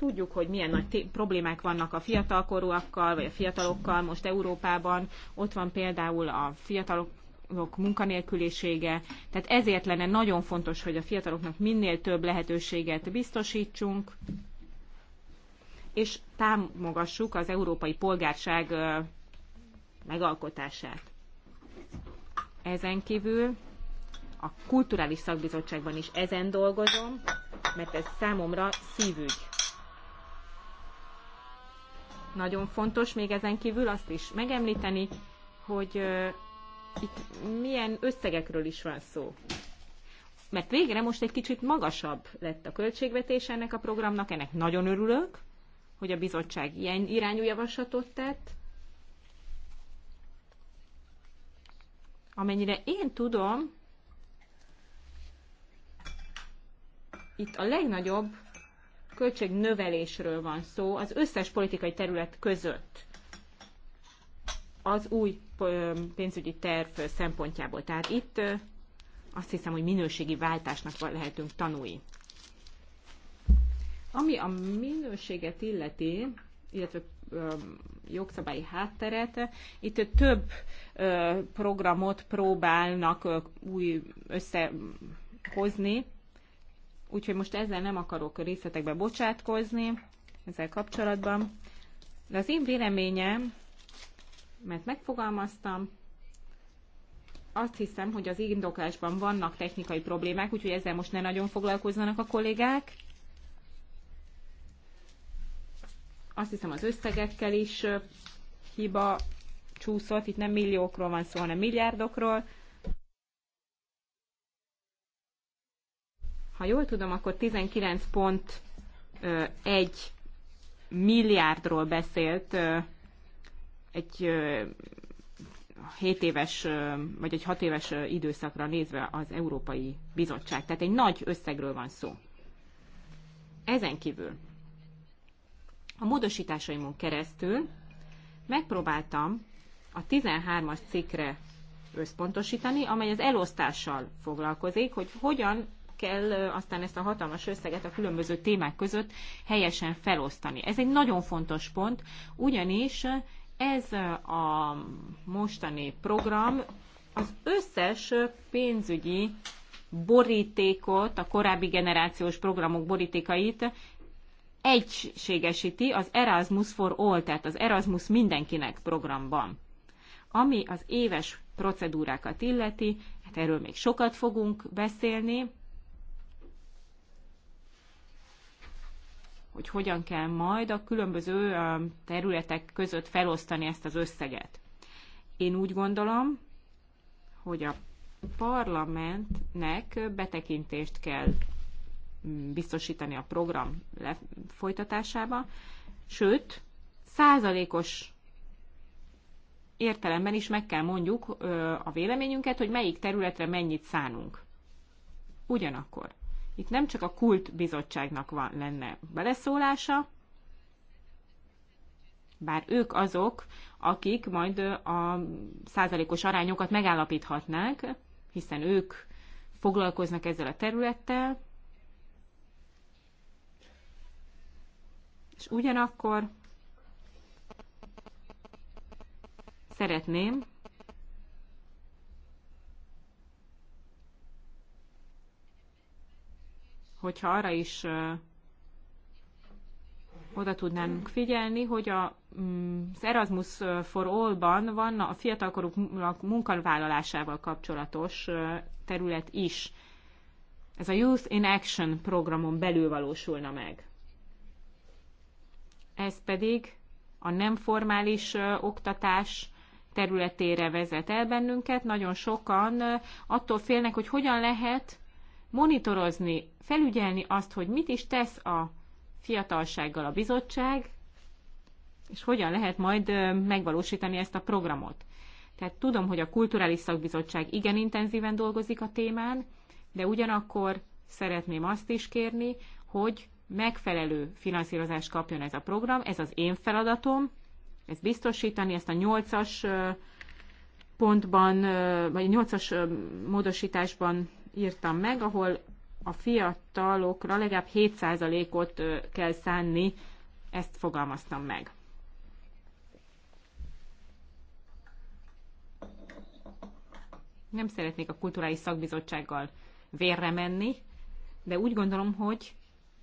Tudjuk, hogy milyen nagy problémák vannak a fiatalkorúakkal, vagy a fiatalokkal most Európában. Ott van például a fiatalok fiatalok munkanélkülisége. Tehát ezért lenne nagyon fontos, hogy a fiataloknak minél több lehetőséget biztosítsunk, és támogassuk az európai polgárság megalkotását. Ezen kívül a Kulturális Szakbizottságban is ezen dolgozom, mert ez számomra szívügy. Nagyon fontos még ezen kívül azt is megemlíteni, hogy itt milyen összegekről is van szó. Mert végre most egy kicsit magasabb lett a költségvetés ennek a programnak, ennek nagyon örülök, hogy a bizottság ilyen irányú javaslatot tett. Amennyire én tudom, itt a legnagyobb költségnövelésről van szó az összes politikai terület között az új pénzügyi terv szempontjából. Tehát itt azt hiszem, hogy minőségi váltásnak lehetünk tanulni. Ami a minőséget illeti, illetve jogszabályi hátteret. Itt több programot próbálnak új összehozni, úgyhogy most ezzel nem akarok részletekbe bocsátkozni ezzel kapcsolatban. De az én véleményem, mert megfogalmaztam, azt hiszem, hogy az indoklásban vannak technikai problémák, úgyhogy ezzel most ne nagyon foglalkozzanak a kollégák. Azt hiszem az összegekkel is hiba csúszott, itt nem milliókról van szó, hanem milliárdokról. Ha jól tudom, akkor 19.1 milliárdról beszélt egy 7 éves, vagy egy 6 éves időszakra nézve az Európai Bizottság. Tehát egy nagy összegről van szó. Ezen kívül a módosításaimon keresztül megpróbáltam a 13-as cikkre összpontosítani, amely az elosztással foglalkozik, hogy hogyan kell aztán ezt a hatalmas összeget a különböző témák között helyesen felosztani. Ez egy nagyon fontos pont, ugyanis ez a mostani program az összes pénzügyi borítékot, a korábbi generációs programok borítékait egységesíti az Erasmus for All, tehát az Erasmus mindenkinek programban. Ami az éves procedúrákat illeti, hát erről még sokat fogunk beszélni, hogy hogyan kell majd a különböző területek között felosztani ezt az összeget. Én úgy gondolom, hogy a parlamentnek betekintést kell mm, biztosítani a program folytatásába, sőt, százalékos értelemben is meg kell mondjuk a véleményünket, hogy melyik területre mennyit szánunk. Ugyanakkor itt nem csak a kult bizottságnak van, lenne beleszólása, bár ők azok, akik majd a százalékos arányokat megállapíthatnák, hiszen ők foglalkoznak ezzel a területtel, és ugyanakkor szeretném, hogyha arra is oda tudnánk figyelni, hogy a, mm, az Erasmus for All-ban van a fiatalkorúk munkavállalásával kapcsolatos terület is. Ez a Youth in Action programon belül valósulna meg. Ez pedig a nem formális oktatás területére vezet el bennünket. Nagyon sokan attól félnek, hogy hogyan lehet monitorozni, felügyelni azt, hogy mit is tesz a fiatalsággal a bizottság, és hogyan lehet majd megvalósítani ezt a programot. Tehát tudom, hogy a Kulturális Szakbizottság igen intenzíven dolgozik a témán, de ugyanakkor szeretném azt is kérni, hogy megfelelő finanszírozást kapjon ez a program, ez az én feladatom, ez biztosítani, ezt a nyolcas pontban, vagy nyolcas módosításban írtam meg, ahol a fiatalokra legalább 7%-ot kell szánni, ezt fogalmaztam meg. Nem szeretnék a kulturális szakbizottsággal vérre menni, de úgy gondolom, hogy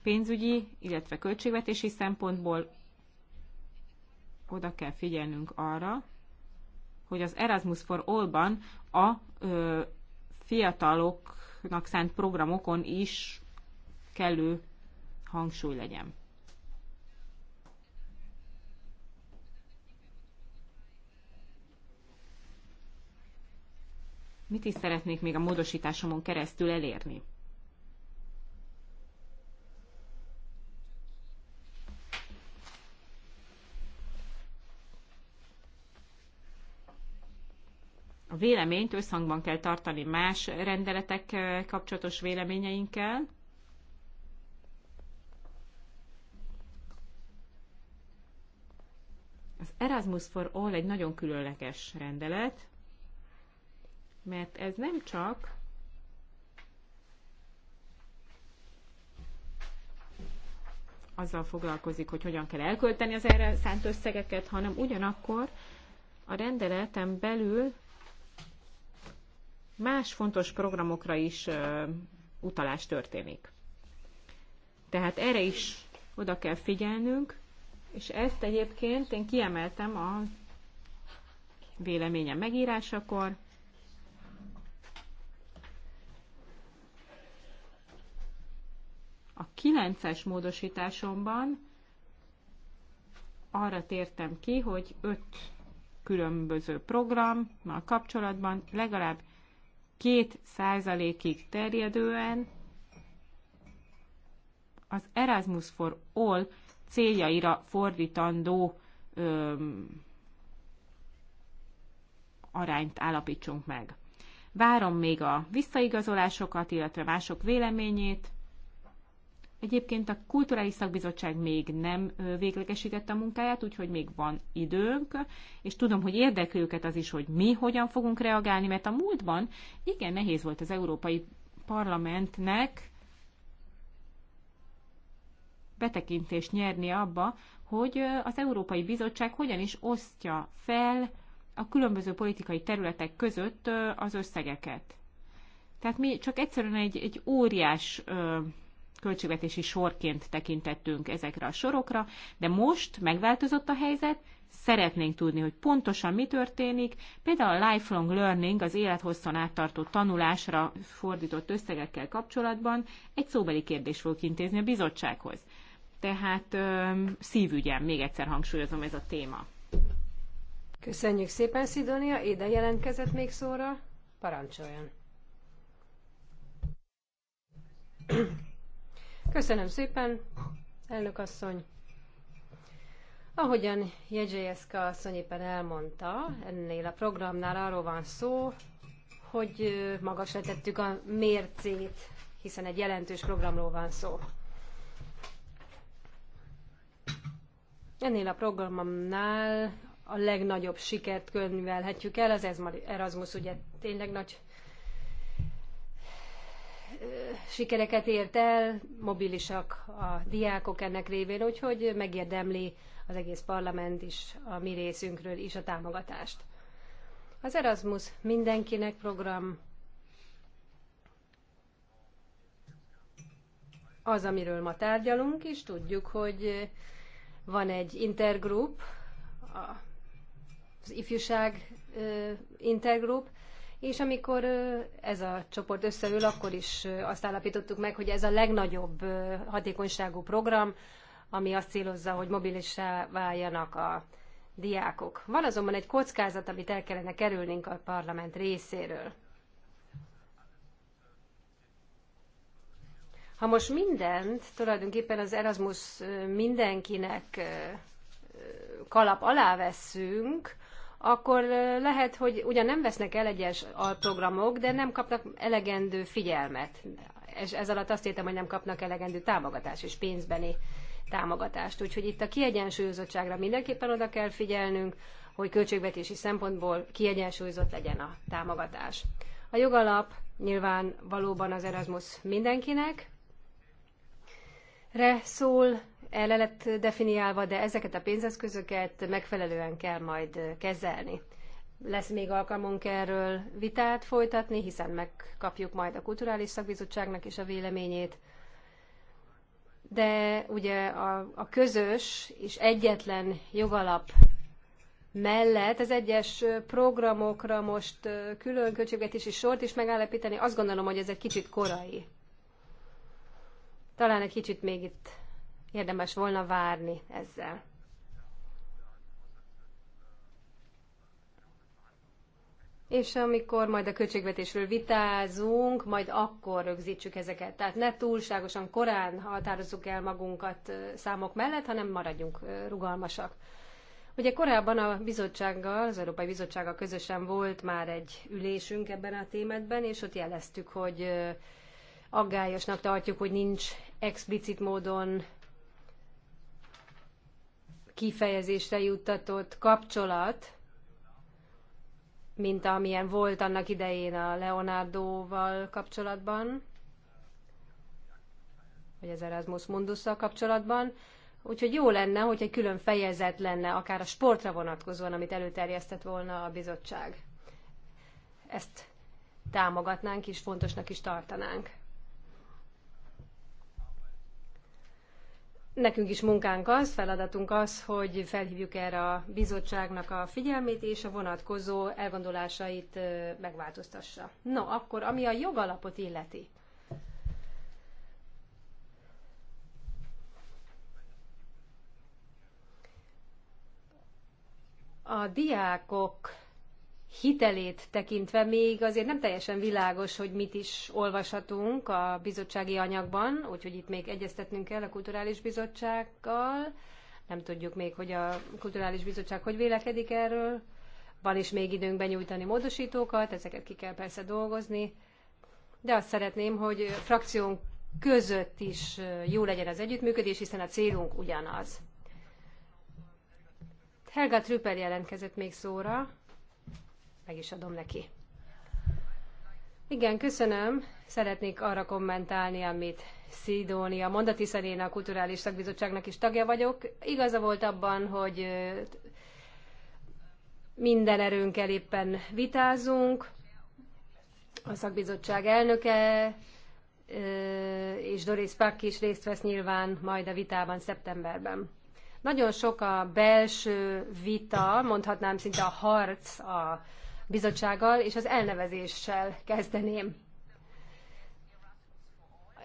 pénzügyi, illetve költségvetési szempontból oda kell figyelnünk arra, hogy az Erasmus for All-ban a ö, fiatalok fiataloknak szánt programokon is kellő hangsúly legyen. Mit is szeretnék még a módosításomon keresztül elérni? véleményt összhangban kell tartani más rendeletek kapcsolatos véleményeinkkel. Az Erasmus for All egy nagyon különleges rendelet, mert ez nem csak azzal foglalkozik, hogy hogyan kell elkölteni az erre szánt összegeket, hanem ugyanakkor a rendeleten belül más fontos programokra is utalás történik. Tehát erre is oda kell figyelnünk, és ezt egyébként én kiemeltem a véleményem megírásakor. A 9-es módosításomban arra tértem ki, hogy öt különböző programmal kapcsolatban legalább két százalékig terjedően az Erasmus for All céljaira fordítandó öm, arányt állapítsunk meg. Várom még a visszaigazolásokat, illetve mások véleményét, Egyébként a Kulturális Szakbizottság még nem véglegesítette a munkáját, úgyhogy még van időnk, és tudom, hogy érdekli őket az is, hogy mi hogyan fogunk reagálni, mert a múltban igen nehéz volt az Európai Parlamentnek betekintést nyerni abba, hogy az Európai Bizottság hogyan is osztja fel a különböző politikai területek között az összegeket. Tehát mi csak egyszerűen egy, egy óriás költségvetési sorként tekintettünk ezekre a sorokra, de most megváltozott a helyzet, szeretnénk tudni, hogy pontosan mi történik. Például a lifelong learning, az élethosszan áttartó tanulásra fordított összegekkel kapcsolatban egy szóbeli kérdést fogok intézni a bizottsághoz. Tehát öm, szívügyem, még egyszer hangsúlyozom ez a téma. Köszönjük szépen, Szidonia. Éde jelentkezett még szóra. Parancsoljon. Köszönöm szépen, elnök asszony. Ahogyan Jegyzsejeszka asszony éppen elmondta, ennél a programnál arról van szó, hogy magasra tettük a mércét, hiszen egy jelentős programról van szó. Ennél a programnál a legnagyobb sikert könyvelhetjük el, az Erasmus ugye tényleg nagy sikereket ért el, mobilisak a diákok ennek révén, úgyhogy megérdemli az egész parlament is a mi részünkről is a támogatást. Az Erasmus mindenkinek program az, amiről ma tárgyalunk, és tudjuk, hogy van egy intergroup, az ifjúság intergroup, és amikor ez a csoport összeül, akkor is azt állapítottuk meg, hogy ez a legnagyobb hatékonyságú program, ami azt célozza, hogy mobilissá váljanak a diákok. Van azonban egy kockázat, amit el kellene kerülnünk a parlament részéről. Ha most mindent, tulajdonképpen az Erasmus mindenkinek kalap alá veszünk, akkor lehet, hogy ugyan nem vesznek el egyes programok, de nem kapnak elegendő figyelmet. És ez alatt azt értem, hogy nem kapnak elegendő támogatást és pénzbeni támogatást. Úgyhogy itt a kiegyensúlyozottságra mindenképpen oda kell figyelnünk, hogy költségvetési szempontból kiegyensúlyozott legyen a támogatás. A jogalap nyilván valóban az Erasmus mindenkinek, re szól, el lett definiálva, de ezeket a pénzeszközöket megfelelően kell majd kezelni. Lesz még alkalmunk erről vitát folytatni, hiszen megkapjuk majd a Kulturális Szakbizottságnak is a véleményét. De ugye a, a közös és egyetlen jogalap mellett az egyes programokra most külön és sort is megállapítani, azt gondolom, hogy ez egy kicsit korai. Talán egy kicsit még itt érdemes volna várni ezzel. És amikor majd a költségvetésről vitázunk, majd akkor rögzítsük ezeket. Tehát ne túlságosan korán határozzuk el magunkat számok mellett, hanem maradjunk rugalmasak. Ugye korábban a bizottsággal, az Európai Bizottsággal közösen volt már egy ülésünk ebben a témetben, és ott jeleztük, hogy aggályosnak tartjuk, hogy nincs explicit módon kifejezésre juttatott kapcsolat, mint amilyen volt annak idején a Leonardo-val kapcsolatban, vagy az Erasmus mundus kapcsolatban. Úgyhogy jó lenne, hogy egy külön fejezet lenne, akár a sportra vonatkozóan, amit előterjesztett volna a bizottság. Ezt támogatnánk és fontosnak is tartanánk. Nekünk is munkánk az, feladatunk az, hogy felhívjuk erre a bizottságnak a figyelmét, és a vonatkozó elgondolásait megváltoztassa. No, akkor ami a jogalapot illeti. A diákok hitelét tekintve még azért nem teljesen világos, hogy mit is olvashatunk a bizottsági anyagban, úgyhogy itt még egyeztetnünk kell a Kulturális Bizottsággal. Nem tudjuk még, hogy a Kulturális Bizottság hogy vélekedik erről. Van is még időnk benyújtani módosítókat, ezeket ki kell persze dolgozni. De azt szeretném, hogy frakciónk között is jó legyen az együttműködés, hiszen a célunk ugyanaz. Helga Trüppel jelentkezett még szóra meg is adom neki. Igen, köszönöm. Szeretnék arra kommentálni, amit Szidónia mondat hiszen én a Kulturális Szakbizottságnak is tagja vagyok. Igaza volt abban, hogy minden erőnkkel éppen vitázunk. A szakbizottság elnöke és Doris Pack is részt vesz nyilván majd a vitában szeptemberben. Nagyon sok a belső vita, mondhatnám szinte a harc a bizottsággal és az elnevezéssel kezdeném.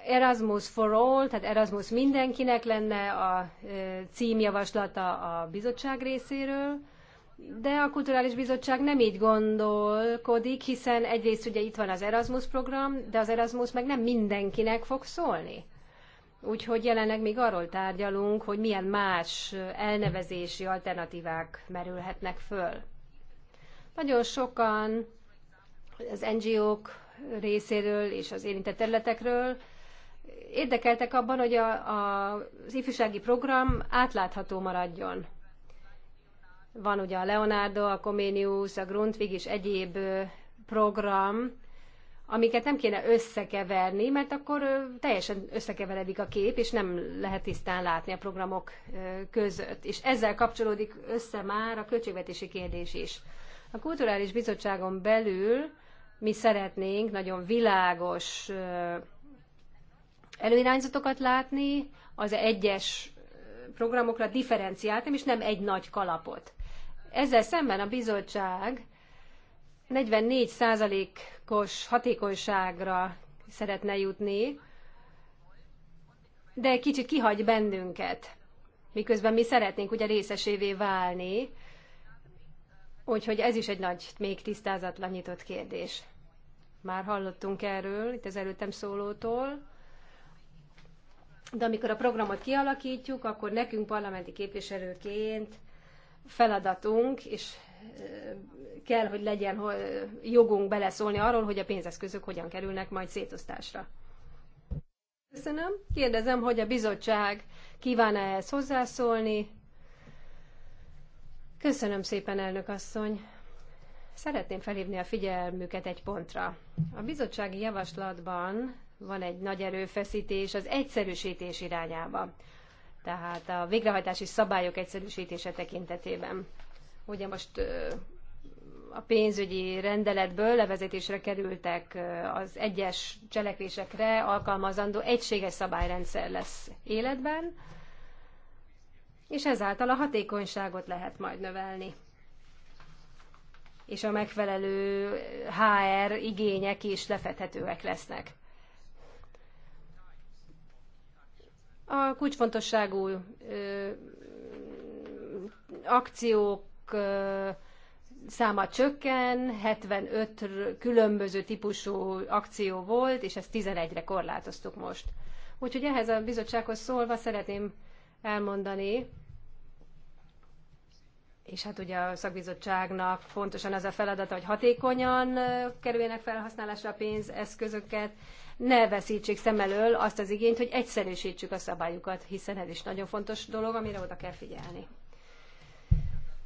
Erasmus for All, tehát Erasmus mindenkinek lenne a címjavaslata a bizottság részéről, de a Kulturális Bizottság nem így gondolkodik, hiszen egyrészt ugye itt van az Erasmus program, de az Erasmus meg nem mindenkinek fog szólni. Úgyhogy jelenleg még arról tárgyalunk, hogy milyen más elnevezési alternatívák merülhetnek föl. Nagyon sokan az NGO-k részéről és az érintett területekről érdekeltek abban, hogy a, a, az ifjúsági program átlátható maradjon. Van ugye a Leonardo, a Comenius, a Grundtvig és egyéb program, amiket nem kéne összekeverni, mert akkor teljesen összekeveredik a kép, és nem lehet tisztán látni a programok között. És ezzel kapcsolódik össze már a költségvetési kérdés is. A Kulturális Bizottságon belül mi szeretnénk nagyon világos előirányzatokat látni, az egyes programokra differenciáltam, és nem egy nagy kalapot. Ezzel szemben a bizottság 44%-os hatékonyságra szeretne jutni, de kicsit kihagy bennünket, miközben mi szeretnénk ugye részesévé válni Úgyhogy ez is egy nagy, még tisztázatlan nyitott kérdés. Már hallottunk erről, itt az előttem szólótól, de amikor a programot kialakítjuk, akkor nekünk parlamenti képviselőként feladatunk, és kell, hogy legyen jogunk beleszólni arról, hogy a pénzeszközök hogyan kerülnek majd szétosztásra. Köszönöm. Kérdezem, hogy a bizottság kíván-e ehhez hozzászólni, Köszönöm szépen, elnök asszony. Szeretném felhívni a figyelmüket egy pontra. A bizottsági javaslatban van egy nagy erőfeszítés az egyszerűsítés irányába, tehát a végrehajtási szabályok egyszerűsítése tekintetében. Ugye most a pénzügyi rendeletből levezetésre kerültek az egyes cselekvésekre alkalmazandó egységes szabályrendszer lesz életben, és ezáltal a hatékonyságot lehet majd növelni. És a megfelelő HR igények is lefethetőek lesznek. A kulcsfontosságú akciók ö, száma csökken, 75 különböző típusú akció volt, és ezt 11-re korlátoztuk most. Úgyhogy ehhez a bizottsághoz szólva szeretném elmondani. És hát ugye a szakbizottságnak fontosan az a feladata, hogy hatékonyan kerüljenek felhasználásra a pénzeszközöket, ne veszítsék szem elől azt az igényt, hogy egyszerűsítsük a szabályokat, hiszen ez is nagyon fontos dolog, amire oda kell figyelni.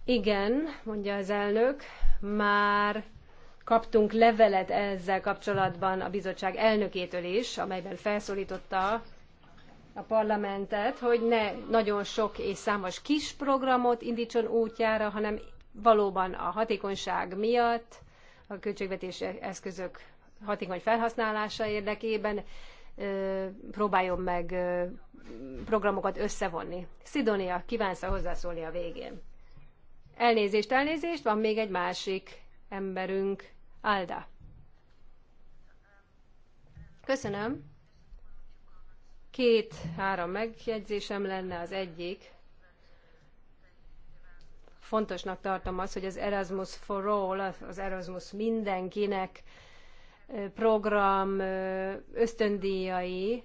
Igen, mondja az elnök, már kaptunk levelet ezzel kapcsolatban a bizottság elnökétől is, amelyben felszólította a parlamentet, hogy ne nagyon sok és számos kis programot indítson útjára, hanem valóban a hatékonyság miatt, a költségvetési eszközök hatékony felhasználása érdekében próbáljon meg programokat összevonni. Szidonia, kívánsz hozzászólni a végén. Elnézést, elnézést, van még egy másik emberünk, Alda. Köszönöm. Két-három megjegyzésem lenne az egyik. Fontosnak tartom azt, hogy az Erasmus for All, az Erasmus mindenkinek program ösztöndíjai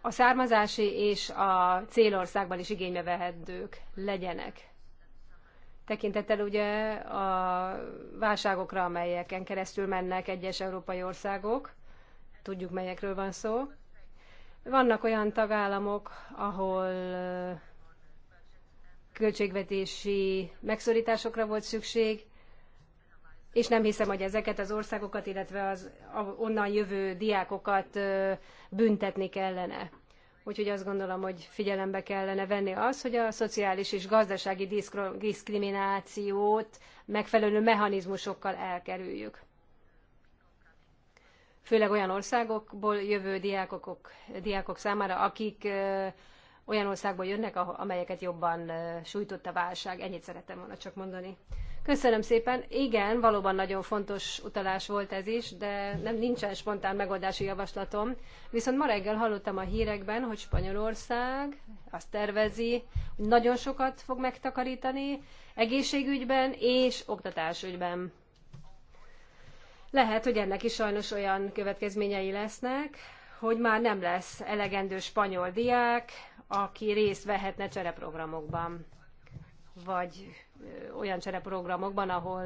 a származási és a célországban is igénybe vehetők legyenek. Tekintettel ugye a válságokra, amelyeken keresztül mennek egyes európai országok, tudjuk melyekről van szó. Vannak olyan tagállamok, ahol költségvetési megszorításokra volt szükség, és nem hiszem, hogy ezeket az országokat, illetve az onnan jövő diákokat büntetni kellene. Úgyhogy azt gondolom, hogy figyelembe kellene venni az, hogy a szociális és gazdasági diszkriminációt megfelelő mechanizmusokkal elkerüljük főleg olyan országokból jövő diákok, diákok számára, akik olyan országból jönnek, amelyeket jobban sújtott a válság. Ennyit szerettem volna csak mondani. Köszönöm szépen. Igen, valóban nagyon fontos utalás volt ez is, de nem nincsen spontán megoldási javaslatom. Viszont ma reggel hallottam a hírekben, hogy Spanyolország azt tervezi, hogy nagyon sokat fog megtakarítani egészségügyben és oktatásügyben. Lehet, hogy ennek is sajnos olyan következményei lesznek, hogy már nem lesz elegendő spanyol diák, aki részt vehetne csereprogramokban, vagy olyan csereprogramokban, ahol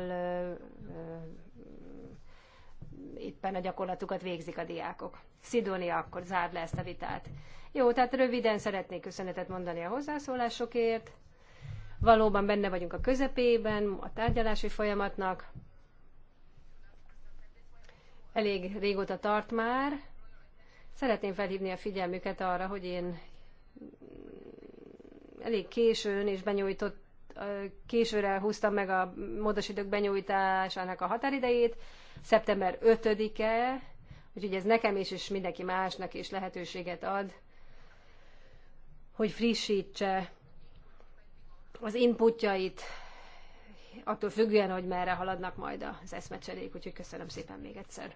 éppen a gyakorlatukat végzik a diákok. Szidónia akkor zárd le ezt a vitát. Jó, tehát röviden szeretnék köszönetet mondani a hozzászólásokért. Valóban benne vagyunk a közepében, a tárgyalási folyamatnak elég régóta tart már. Szeretném felhívni a figyelmüket arra, hogy én elég későn és benyújtott, későre húztam meg a módosítók benyújtásának a határidejét, szeptember 5-e, úgyhogy ez nekem is, és mindenki másnak is lehetőséget ad, hogy frissítse az inputjait attól függően, hogy merre haladnak majd az eszmecserék, úgyhogy köszönöm szépen még egyszer.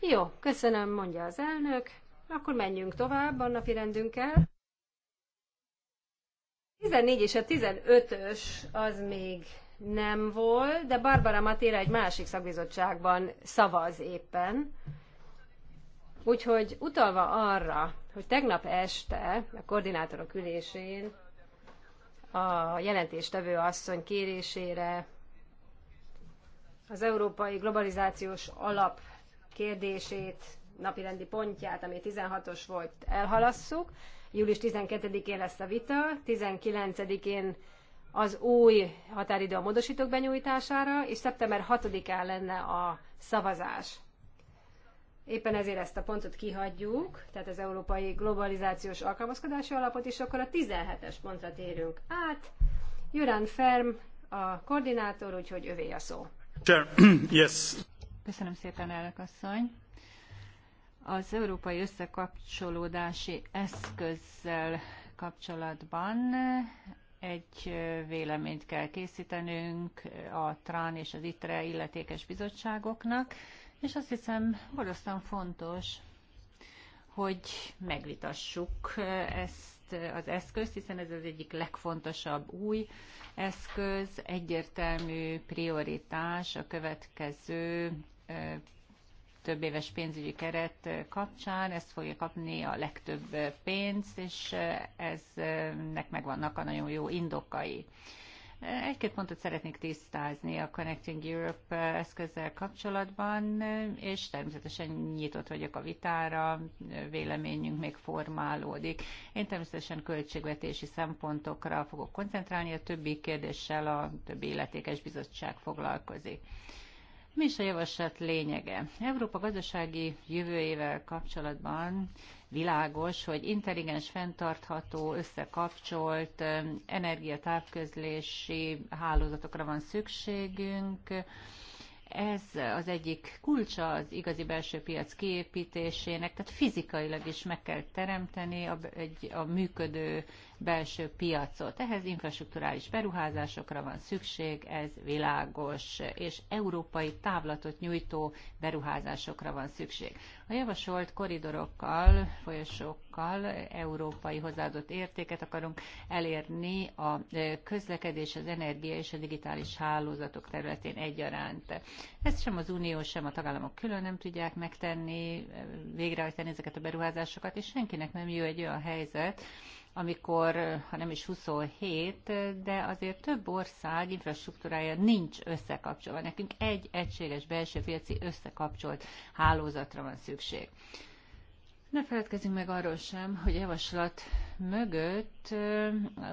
Jó, köszönöm, mondja az elnök. Akkor menjünk tovább a napi rendünkkel. 14 és a 15-ös az még nem volt, de Barbara Matéra egy másik szakbizottságban szavaz éppen. Úgyhogy utalva arra, hogy tegnap este a koordinátorok ülésén a jelentéstevő asszony kérésére az európai globalizációs alap kérdését, napirendi pontját, ami 16-os volt, elhalasszuk. Július 12-én lesz a vita, 19-én az új határidő a módosítók benyújtására, és szeptember 6-án lenne a szavazás. Éppen ezért ezt a pontot kihagyjuk, tehát az Európai Globalizációs Alkalmazkodási Alapot, és akkor a 17-es pontra térünk át. Jurán Ferm a koordinátor, úgyhogy övé a szó. Sure. <clears throat> yes. Köszönöm szépen, elnök asszony. Az európai összekapcsolódási eszközzel kapcsolatban egy véleményt kell készítenünk a TRAN és az ITRE illetékes bizottságoknak és azt hiszem valószínűleg fontos, hogy megvitassuk ezt az eszközt, hiszen ez az egyik legfontosabb új eszköz, egyértelmű prioritás a következő több éves pénzügyi keret kapcsán, ezt fogja kapni a legtöbb pénzt, és eznek megvannak a nagyon jó indokai. Egy-két pontot szeretnék tisztázni a Connecting Europe eszközzel kapcsolatban, és természetesen nyitott vagyok a vitára, véleményünk még formálódik. Én természetesen költségvetési szempontokra fogok koncentrálni, a többi kérdéssel a többi illetékes bizottság foglalkozik. Mi is a javaslat lényege? Európa gazdasági jövőjével kapcsolatban világos, hogy intelligens, fenntartható, összekapcsolt energiatávközlési hálózatokra van szükségünk. Ez az egyik kulcsa az igazi belső piac kiépítésének, tehát fizikailag is meg kell teremteni a, egy, a működő belső piacot. Ehhez infrastruktúrális beruházásokra van szükség, ez világos, és európai távlatot nyújtó beruházásokra van szükség. A javasolt koridorokkal, folyosókkal európai hozzáadott értéket akarunk elérni a e, közlekedés, az energia és a digitális hálózatok területén egyaránt. Ezt sem az Unió, sem a tagállamok külön nem tudják megtenni, e, végrehajtani ezeket a beruházásokat, és senkinek nem jó egy olyan helyzet, amikor, ha nem is 27, de azért több ország infrastruktúrája nincs összekapcsolva. Nekünk egy egységes belső piaci összekapcsolt hálózatra van szükség. Ne feledkezzünk meg arról sem, hogy javaslat mögött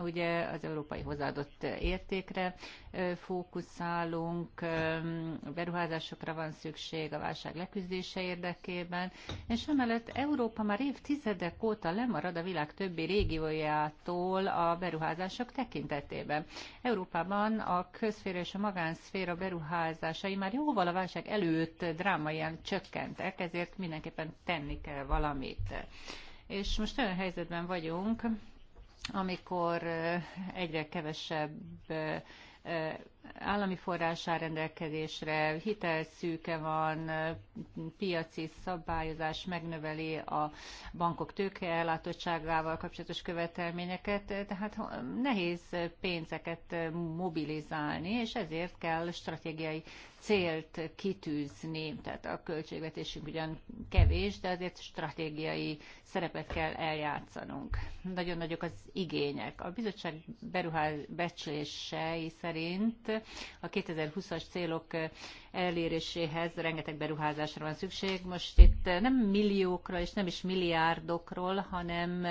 ugye az európai hozzáadott értékre fókuszálunk, beruházásokra van szükség a válság leküzdése érdekében, és emellett Európa már évtizedek óta lemarad a világ többi régiójától a beruházások tekintetében. Európában a közféra és a magánszféra beruházásai már jóval a válság előtt drámaian csökkentek, ezért mindenképpen tenni kell valamit. És most olyan helyzetben vagyunk, amikor egyre kevesebb állami forrásá rendelkezésre, hitelszűke van, piaci szabályozás megnöveli a bankok tőkeellátottságával kapcsolatos követelményeket, tehát nehéz pénzeket mobilizálni, és ezért kell stratégiai célt kitűzni, tehát a költségvetésünk ugyan kevés, de azért stratégiai szerepet kell eljátszanunk. Nagyon nagyok az igények. A bizottság beruház becslései szerint a 2020-as célok eléréséhez rengeteg beruházásra van szükség. Most itt nem milliókra és nem is milliárdokról, hanem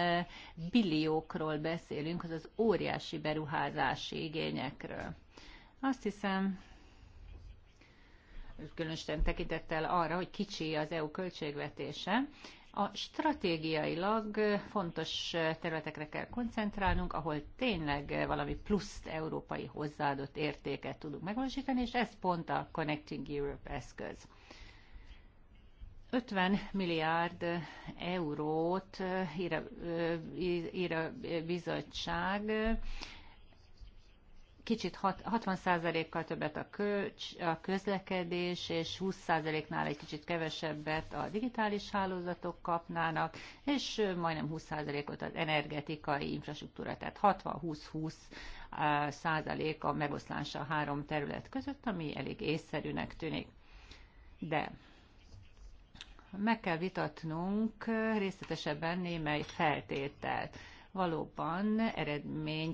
billiókról beszélünk, az óriási beruházási igényekről. Azt hiszem, különösen tekintettel arra, hogy kicsi az EU költségvetése, a stratégiailag fontos területekre kell koncentrálnunk, ahol tényleg valami plusz európai hozzáadott értéket tudunk megvalósítani, és ez pont a Connecting Europe eszköz. 50 milliárd eurót ír a, ír a bizottság kicsit 60%-kal többet a, kölcs, a közlekedés, és 20%-nál egy kicsit kevesebbet a digitális hálózatok kapnának, és majdnem 20%-ot az energetikai infrastruktúra, tehát 60-20-20 a megoszlása három terület között, ami elég észszerűnek tűnik. De meg kell vitatnunk részletesebben némely feltételt valóban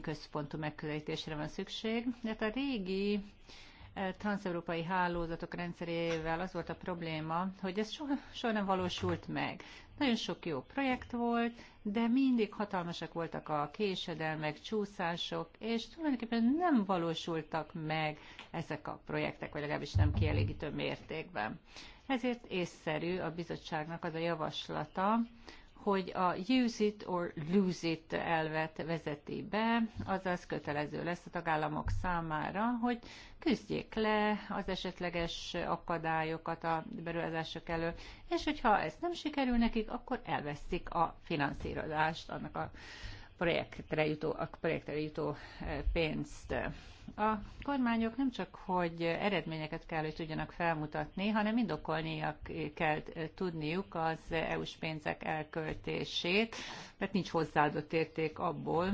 központú megközelítésre van szükség, de hát a régi eh, transeurópai hálózatok rendszerével az volt a probléma, hogy ez soha, soha nem valósult meg. Nagyon sok jó projekt volt, de mindig hatalmasak voltak a késedelmek, csúszások, és tulajdonképpen nem valósultak meg ezek a projektek, vagy legalábbis nem kielégítő mértékben. Ezért észszerű a bizottságnak az a javaslata, hogy a use it or lose it elvet vezeti be, azaz kötelező lesz a tagállamok számára, hogy küzdjék le az esetleges akadályokat a beruházások elől, és hogyha ez nem sikerül nekik, akkor elvesztik a finanszírozást annak a projektre jutó, a projektre jutó eh, pénzt. A kormányok nem csak, hogy eredményeket kell, hogy tudjanak felmutatni, hanem indokolnia kell eh, tudniuk az EU-s pénzek elköltését, mert nincs hozzáadott érték abból,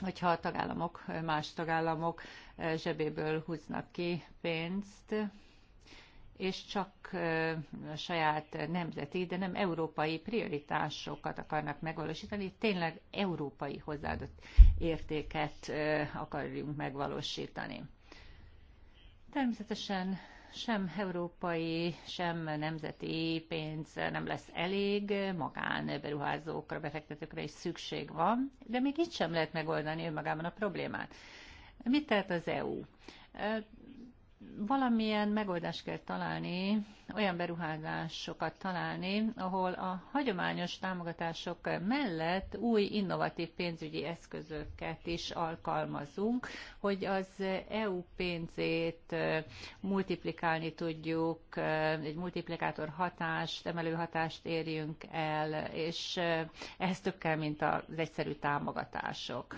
hogyha a tagállamok, más tagállamok eh, zsebéből húznak ki pénzt, és csak a saját nemzeti, de nem európai prioritásokat akarnak megvalósítani, tényleg európai hozzáadott értéket akarjunk megvalósítani. Természetesen sem európai, sem nemzeti pénz nem lesz elég, magán beruházókra, befektetőkre is szükség van, de még itt sem lehet megoldani önmagában a problémát. Mit tehet az EU? valamilyen megoldást kell találni, olyan beruházásokat találni, ahol a hagyományos támogatások mellett új innovatív pénzügyi eszközöket is alkalmazunk, hogy az EU pénzét multiplikálni tudjuk, egy multiplikátor hatást, emelő hatást érjünk el, és ehhez több kell, mint az egyszerű támogatások.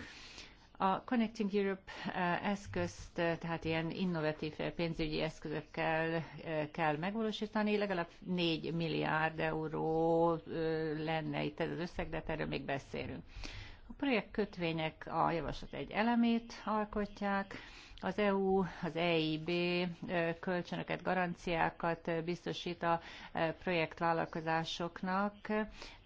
A Connecting Europe eh, eszközt, eh, tehát ilyen innovatív eh, pénzügyi eszközökkel kell megvalósítani, legalább 4 milliárd euró lenne itt ez az összeg, de hát erről még beszélünk. A projekt kötvények a javaslat egy elemét alkotják, az EU, az EIB kölcsönöket, garanciákat biztosít a projektvállalkozásoknak.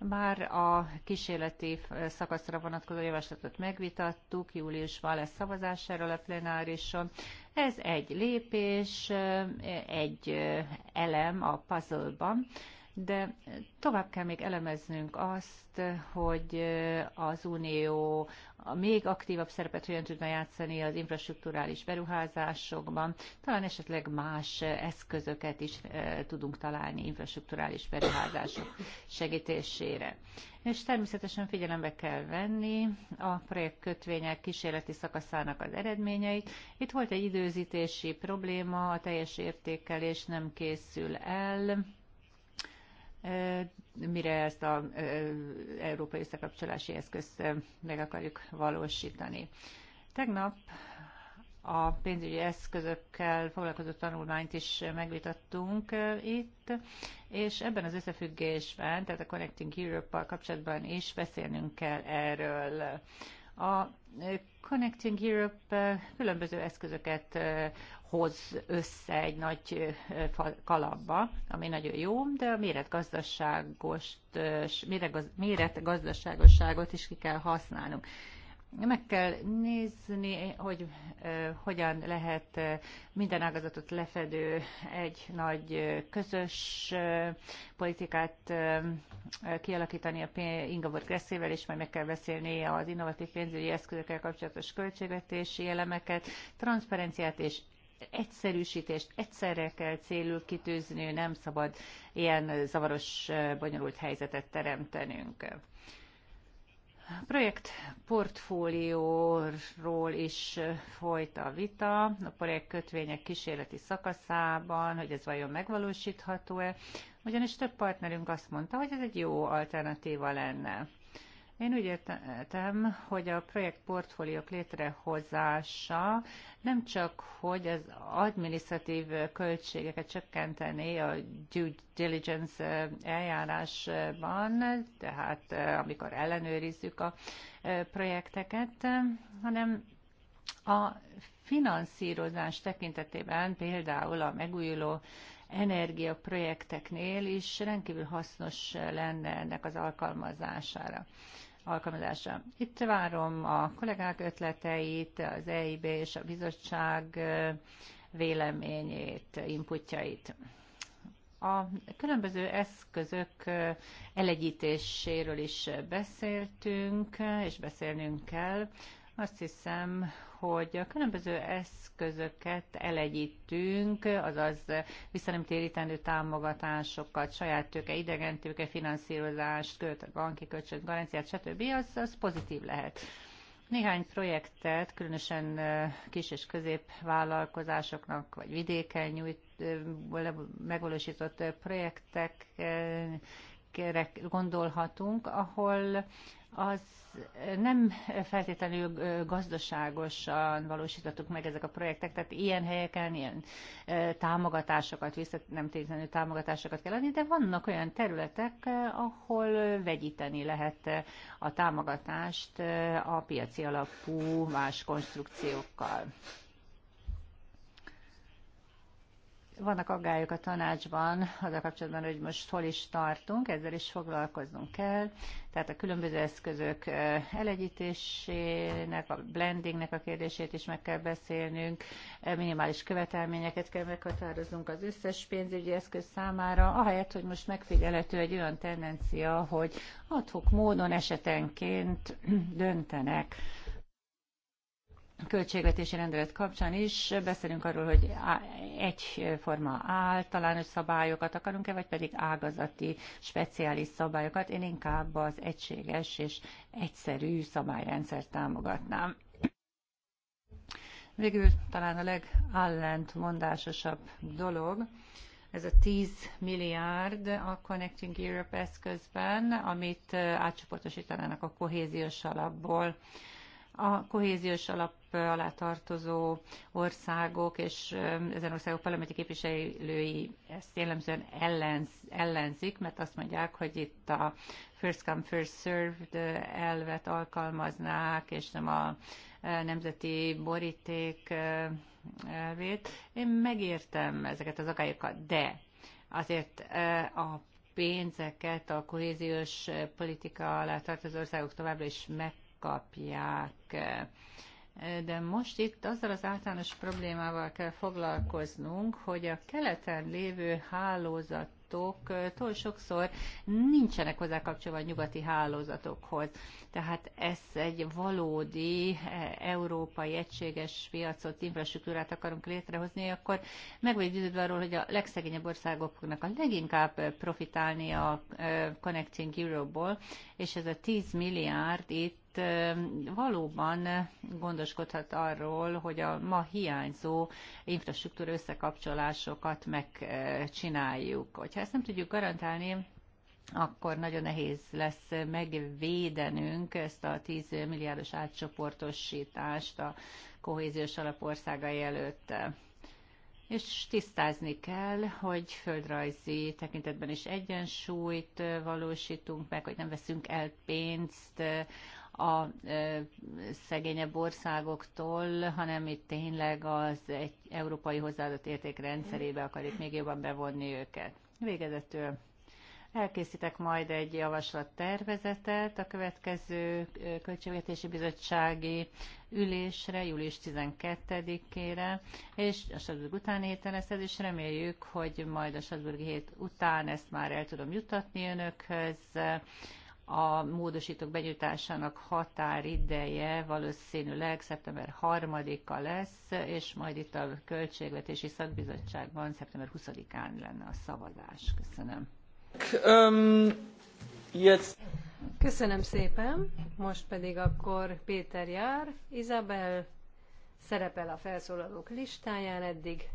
Már a kísérleti szakaszra vonatkozó javaslatot megvitattuk, júliusban lesz szavazás erről a plenárison. Ez egy lépés, egy elem a puzzle-ban, de tovább kell még elemeznünk azt, hogy az Unió a még aktívabb szerepet hogyan tudna játszani az infrastruktúrális beruházásokban. Talán esetleg más eszközöket is eh, tudunk találni infrastruktúrális beruházások segítésére. És természetesen figyelembe kell venni a projektkötvények kísérleti szakaszának az eredményeit. Itt volt egy időzítési probléma, a teljes értékelés nem készül el mire ezt az európai összekapcsolási eszközt meg akarjuk valósítani. Tegnap a pénzügyi eszközökkel foglalkozó tanulmányt is megvitattunk itt, és ebben az összefüggésben, tehát a Connecting Europe-kal kapcsolatban is beszélnünk kell erről. A Connecting Europe eh, különböző eszközöket eh, hoz össze egy nagy eh, kalapba, ami nagyon jó, de a méretgazdaságos, méretgazdaságosságot is ki kell használnunk meg kell nézni, hogy hogyan lehet minden ágazatot lefedő egy nagy közös politikát kialakítani a Ingabor Gresszével, és majd meg kell beszélni az innovatív pénzügyi eszközökkel kapcsolatos költségvetési elemeket, transzparenciát és egyszerűsítést egyszerre kell célul kitűzni, nem szabad ilyen zavaros, bonyolult helyzetet teremtenünk. A projekt portfólióról is folyt a vita a projekt kötvények kísérleti szakaszában, hogy ez vajon megvalósítható-e, ugyanis több partnerünk azt mondta, hogy ez egy jó alternatíva lenne. Én úgy értem, hogy a projektportfóliók létrehozása nem csak, hogy az administratív költségeket csökkenteni a due diligence eh, eljárásban, tehát eh, amikor ellenőrizzük a eh, projekteket, hanem a finanszírozás tekintetében például a megújuló energiaprojekteknél is rendkívül hasznos lenne ennek az alkalmazására alkalmazása. Itt várom a kollégák ötleteit, az EIB és a bizottság véleményét, inputjait. A különböző eszközök elegyítéséről is beszéltünk, és beszélnünk kell. Azt hiszem, hogy a különböző eszközöket elegyítünk, azaz visszanemtérítendő támogatásokat, saját tőke, idegen tőke, finanszírozást, költ, banki kölcsönt, garanciát, stb. Az, az pozitív lehet. Néhány projektet, különösen kis és középvállalkozásoknak, vagy vidéken nyújt, megvalósított projektek területekre gondolhatunk, ahol az nem feltétlenül gazdaságosan valósítottuk meg ezek a projektek, tehát ilyen helyeken ilyen támogatásokat, vissza nem tétlenül támogatásokat kell adni, de vannak olyan területek, ahol vegyíteni lehet a támogatást a piaci alapú más konstrukciókkal. Vannak aggályok a tanácsban az a kapcsolatban, hogy most hol is tartunk, ezzel is foglalkoznunk kell. Tehát a különböző eszközök elegyítésének, a blendingnek a kérdését is meg kell beszélnünk, minimális követelményeket kell meghatároznunk az összes pénzügyi eszköz számára, ahelyett, hogy most megfigyelhető egy olyan tendencia, hogy adhok módon esetenként döntenek költségvetési rendelet kapcsán is beszélünk arról, hogy egyforma általános szabályokat akarunk-e, vagy pedig ágazati, speciális szabályokat. Én inkább az egységes és egyszerű szabályrendszert támogatnám. Végül talán a legallentmondásosabb dolog, ez a 10 milliárd a Connecting Europe eszközben, amit átcsoportosítanának a kohéziós alapból a kohéziós alap alá tartozó országok és ezen országok parlamenti képviselői ezt jellemzően ellenz, ellenzik, mert azt mondják, hogy itt a first come, first served elvet alkalmaznák, és nem a nemzeti boríték elvét. Én megértem ezeket az akályokat, de azért a pénzeket a kohéziós politika alá tartozó országok továbbra is meg kapják. De most itt azzal az általános problémával kell foglalkoznunk, hogy a keleten lévő hálózatoktól sokszor nincsenek hozzá kapcsolva a nyugati hálózatokhoz. Tehát ez egy valódi e, európai egységes piacot, infrastruktúrát akarunk létrehozni, akkor meg vagy győződve arról, hogy a legszegényebb országok fognak a leginkább profitálni a e, Connecting Europe-ból, és ez a 10 milliárd itt itt hát, valóban gondoskodhat arról, hogy a ma hiányzó infrastruktúra összekapcsolásokat megcsináljuk. Hogyha ezt nem tudjuk garantálni, akkor nagyon nehéz lesz megvédenünk ezt a 10 milliárdos átcsoportosítást a kohéziós alapországai előtt. És tisztázni kell, hogy földrajzi tekintetben is egyensúlyt valósítunk meg, hogy nem veszünk el pénzt a szegényebb országoktól, hanem itt tényleg az egy európai hozzáadott érték rendszerébe akarjuk még jobban bevonni őket. Végezetül Elkészítek majd egy javaslattervezetet a következő Költségvetési Bizottsági ülésre, július 12-ére, és a Strasbourg utáni héten lesz ez, és reméljük, hogy majd a Strasbourgi hét után ezt már el tudom jutatni önökhöz, a módosítók benyújtásának határideje valószínűleg szeptember 3-a lesz, és majd itt a Költségvetési Szakbizottságban szeptember 20-án lenne a szavazás. Köszönöm. Um, yes. Köszönöm szépen. Most pedig akkor Péter jár. Izabel szerepel a felszólalók listáján eddig.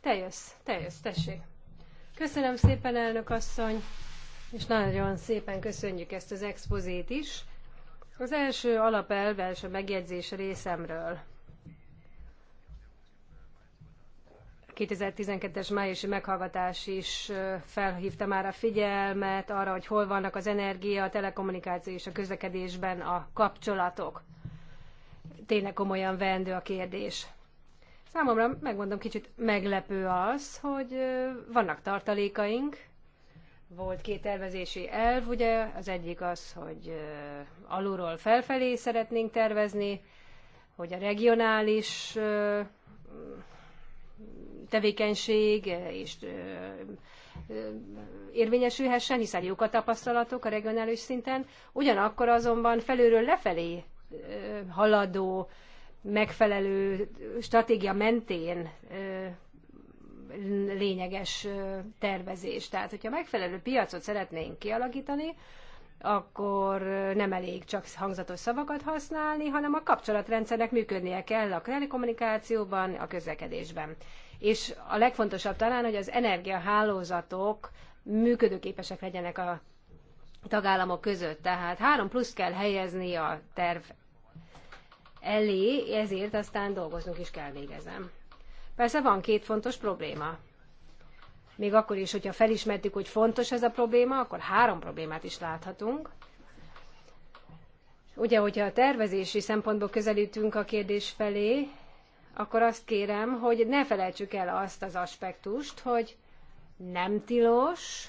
Te jössz, te jössz, tessék. Köszönöm szépen, elnök asszony, és nagyon szépen köszönjük ezt az expozét is. Az első alapelv, első megjegyzés részemről. 2012-es májusi meghallgatás is felhívta már a figyelmet arra, hogy hol vannak az energia, a telekommunikáció és a közlekedésben a kapcsolatok. Tényleg komolyan vendő a kérdés. Számomra, megmondom, kicsit meglepő az, hogy vannak tartalékaink, volt két tervezési elv, ugye, az egyik az, hogy alulról felfelé szeretnénk tervezni, hogy a regionális tevékenység és érvényesülhessen, hiszen jók a tapasztalatok a regionális szinten, ugyanakkor azonban felülről lefelé haladó megfelelő stratégia mentén lényeges tervezés. Tehát, hogyha megfelelő piacot szeretnénk kialakítani, akkor nem elég csak hangzatos szavakat használni, hanem a kapcsolatrendszernek működnie kell a telekommunikációban, a közlekedésben. És a legfontosabb talán, hogy az energiahálózatok működőképesek legyenek a tagállamok között. Tehát három plusz kell helyezni a terv elé, ezért aztán dolgoznunk is kell végezem. Persze van két fontos probléma. Még akkor is, hogyha felismertük, hogy fontos ez a probléma, akkor három problémát is láthatunk. Ugye, hogyha a tervezési szempontból közelítünk a kérdés felé, akkor azt kérem, hogy ne felejtsük el azt az aspektust, hogy nem tilos,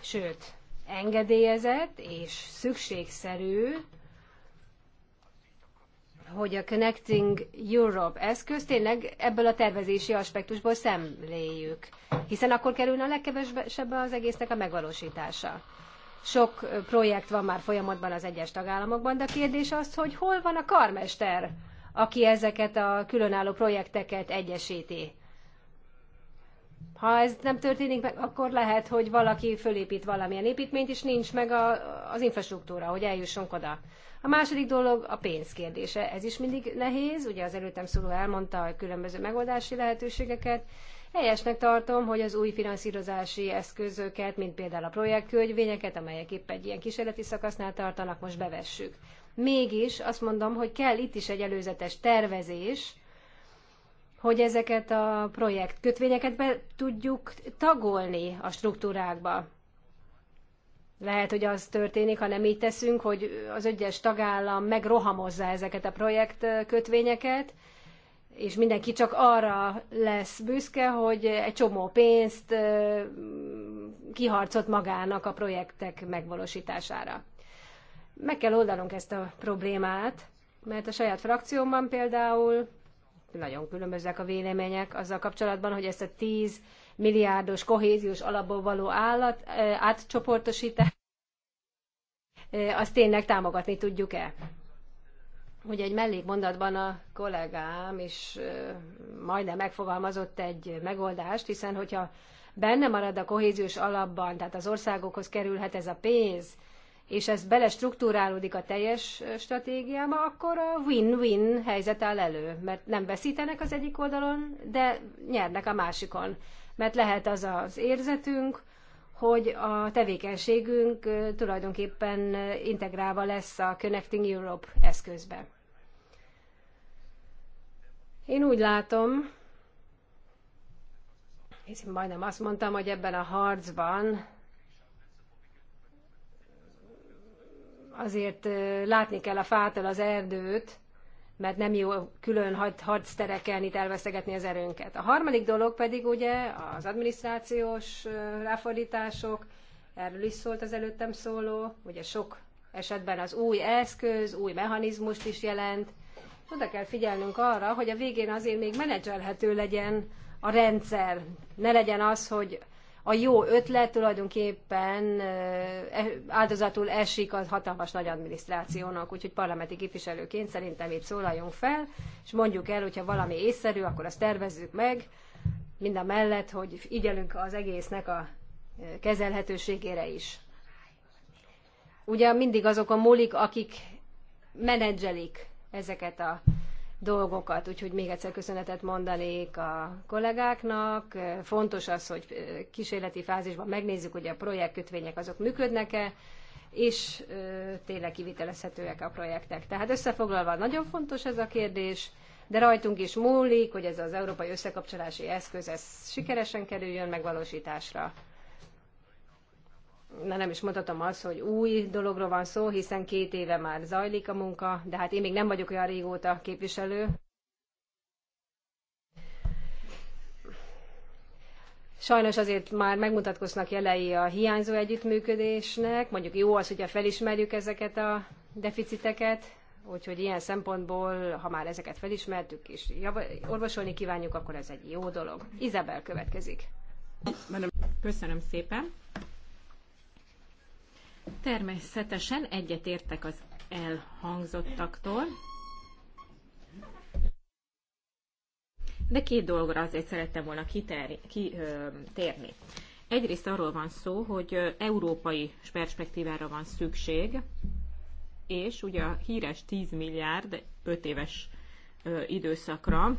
sőt, engedélyezett és szükségszerű hogy a Connecting Europe eszköz tényleg ebből a tervezési aspektusból szemléljük, hiszen akkor kerülne a legkevesebb az egésznek a megvalósítása. Sok projekt van már folyamatban az egyes tagállamokban, de a kérdés az, hogy hol van a karmester, aki ezeket a különálló projekteket egyesíti. Ha ez nem történik meg, akkor lehet, hogy valaki fölépít valamilyen építményt, és nincs meg a, az infrastruktúra, hogy eljussunk oda. A második dolog a pénz kérdése. Ez is mindig nehéz, ugye az előttem szóló elmondta a különböző megoldási lehetőségeket. Helyesnek tartom, hogy az új finanszírozási eszközöket, mint például a projektkönyvényeket, amelyek épp egy ilyen kísérleti szakasznál tartanak, most bevessük. Mégis azt mondom, hogy kell itt is egy előzetes tervezés, hogy ezeket a projektkötvényeket be tudjuk tagolni a struktúrákba. Lehet, hogy az történik, ha nem így teszünk, hogy az egyes tagállam megrohamozza ezeket a projektkötvényeket, és mindenki csak arra lesz büszke, hogy egy csomó pénzt kiharcolt magának a projektek megvalósítására. Meg kell oldanunk ezt a problémát, mert a saját frakciómban például nagyon különbözőek a vélemények azzal kapcsolatban, hogy ezt a tíz milliárdos kohéziós alapból való állat, átcsoportosítás, azt tényleg támogatni tudjuk-e? Ugye egy mellékmondatban a kollégám is majdnem megfogalmazott egy megoldást, hiszen hogyha benne marad a kohéziós alapban, tehát az országokhoz kerülhet ez a pénz, és ez belestruktúrálódik a teljes stratégiába, akkor a win-win helyzet áll elő, mert nem veszítenek az egyik oldalon, de nyernek a másikon mert lehet az az érzetünk, hogy a tevékenységünk tulajdonképpen integrálva lesz a Connecting Europe eszközbe. Én úgy látom, én majdnem azt mondtam, hogy ebben a harcban azért látni kell a fától az erdőt, mert nem jó külön had, hadsztereken itt elveszegetni az erőnket. A harmadik dolog pedig ugye az adminisztrációs ráfordítások, erről is szólt az előttem szóló, ugye sok esetben az új eszköz, új mechanizmust is jelent. Oda kell figyelnünk arra, hogy a végén azért még menedzselhető legyen a rendszer. Ne legyen az, hogy a jó ötlet tulajdonképpen e, áldozatul esik a hatalmas nagy adminisztrációnak, úgyhogy parlamenti képviselőként szerintem itt szólaljunk fel, és mondjuk el, hogyha valami észszerű, akkor azt tervezzük meg, mind a mellett, hogy igyelünk az egésznek a kezelhetőségére is. Ugye mindig azok a múlik, akik menedzselik ezeket a dolgokat. Úgyhogy még egyszer köszönetet mondanék a kollégáknak. Fontos az, hogy kísérleti fázisban megnézzük, hogy a projektkötvények azok működnek-e, és tényleg kivitelezhetőek a projektek. Tehát összefoglalva nagyon fontos ez a kérdés, de rajtunk is múlik, hogy ez az európai összekapcsolási eszköz ez sikeresen kerüljön megvalósításra na nem is mondhatom azt, hogy új dologról van szó, hiszen két éve már zajlik a munka, de hát én még nem vagyok olyan régóta képviselő. Sajnos azért már megmutatkoznak jelei a hiányzó együttműködésnek, mondjuk jó az, hogyha felismerjük ezeket a deficiteket, úgyhogy ilyen szempontból, ha már ezeket felismertük és orvosolni kívánjuk, akkor ez egy jó dolog. Izabel következik. Köszönöm szépen. Természetesen egyetértek az elhangzottaktól, de két dologra azért szerettem volna kitérni. Egyrészt arról van szó, hogy európai perspektívára van szükség, és ugye a híres 10 milliárd 5 éves időszakra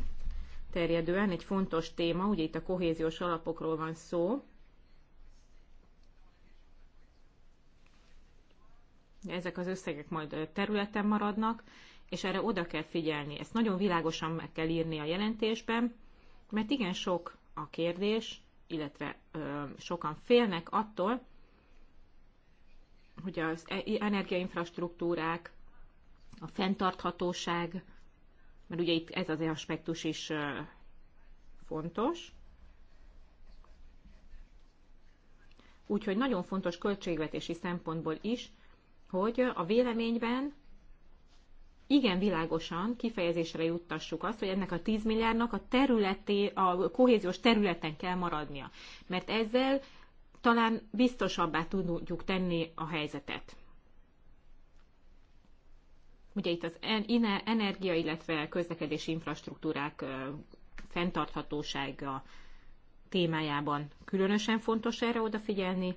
terjedően egy fontos téma, ugye itt a kohéziós alapokról van szó, ezek az összegek majd területen maradnak, és erre oda kell figyelni. Ezt nagyon világosan meg kell írni a jelentésben, mert igen sok a kérdés, illetve ö, sokan félnek attól, hogy az e-, energiainfrastruktúrák, a fenntarthatóság, mert ugye itt ez az e aspektus is ö, fontos. Úgyhogy nagyon fontos költségvetési szempontból is, hogy a véleményben igen világosan kifejezésre juttassuk azt, hogy ennek a 10 milliárdnak a területé, a kohéziós területen kell maradnia. Mert ezzel talán biztosabbá tudjuk tenni a helyzetet. Ugye itt az energia, illetve közlekedési infrastruktúrák fenntarthatósága témájában különösen fontos erre odafigyelni,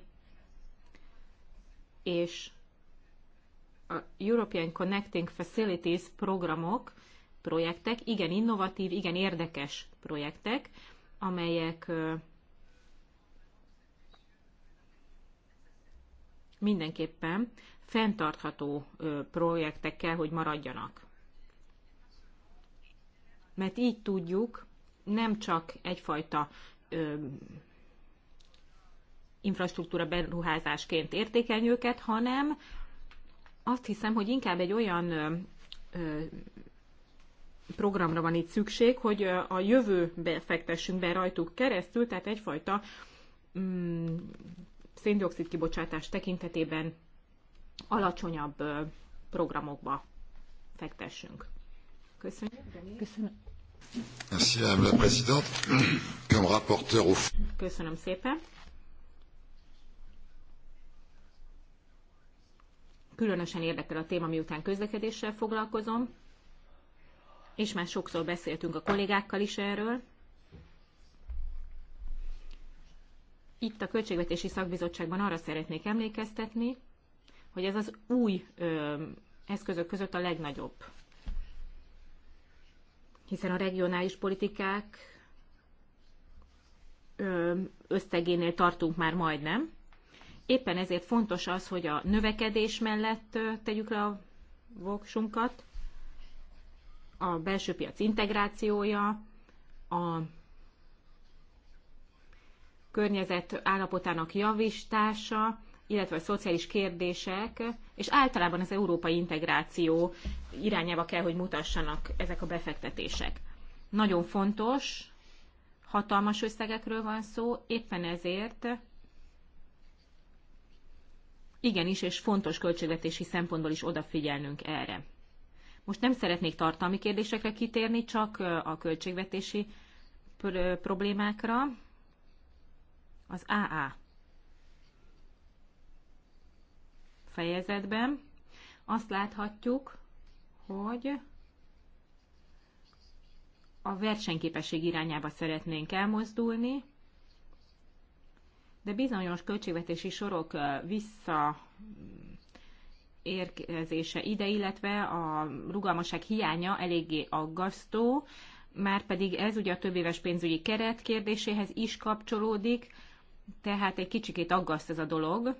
és a European Connecting Facilities programok, projektek, igen innovatív, igen érdekes projektek, amelyek mindenképpen fenntartható projektekkel, hogy maradjanak. Mert így tudjuk nem csak egyfajta ö, infrastruktúra beruházásként értékelni őket, hanem azt hiszem, hogy inkább egy olyan programra van itt szükség, hogy a jövőbe fektessünk be rajtuk keresztül, tehát egyfajta mm, széndiokszid kibocsátás tekintetében alacsonyabb programokba fektessünk. Köszönjük. Köszönöm. Köszönöm szépen. különösen érdekel a téma, miután közlekedéssel foglalkozom, és már sokszor beszéltünk a kollégákkal is erről. Itt a Költségvetési Szakbizottságban arra szeretnék emlékeztetni, hogy ez az új ö, eszközök között a legnagyobb. Hiszen a regionális politikák ö, összegénél tartunk már majdnem, Éppen ezért fontos az, hogy a növekedés mellett tegyük le a voksunkat, a belső piac integrációja, a környezet állapotának javítása, illetve a szociális kérdések, és általában az európai integráció irányába kell, hogy mutassanak ezek a befektetések. Nagyon fontos, hatalmas összegekről van szó, éppen ezért igenis, és fontos költségvetési szempontból is odafigyelnünk erre. Most nem szeretnék tartalmi kérdésekre kitérni, csak a költségvetési problémákra. Az AA fejezetben azt láthatjuk, hogy a versenyképesség irányába szeretnénk elmozdulni, de bizonyos költségvetési sorok vissza mm, érkezése ide, illetve a rugalmaság hiánya eléggé aggasztó, már pedig ez ugye a többéves pénzügyi keret kérdéséhez is kapcsolódik, tehát egy kicsikét aggaszt ez a dolog.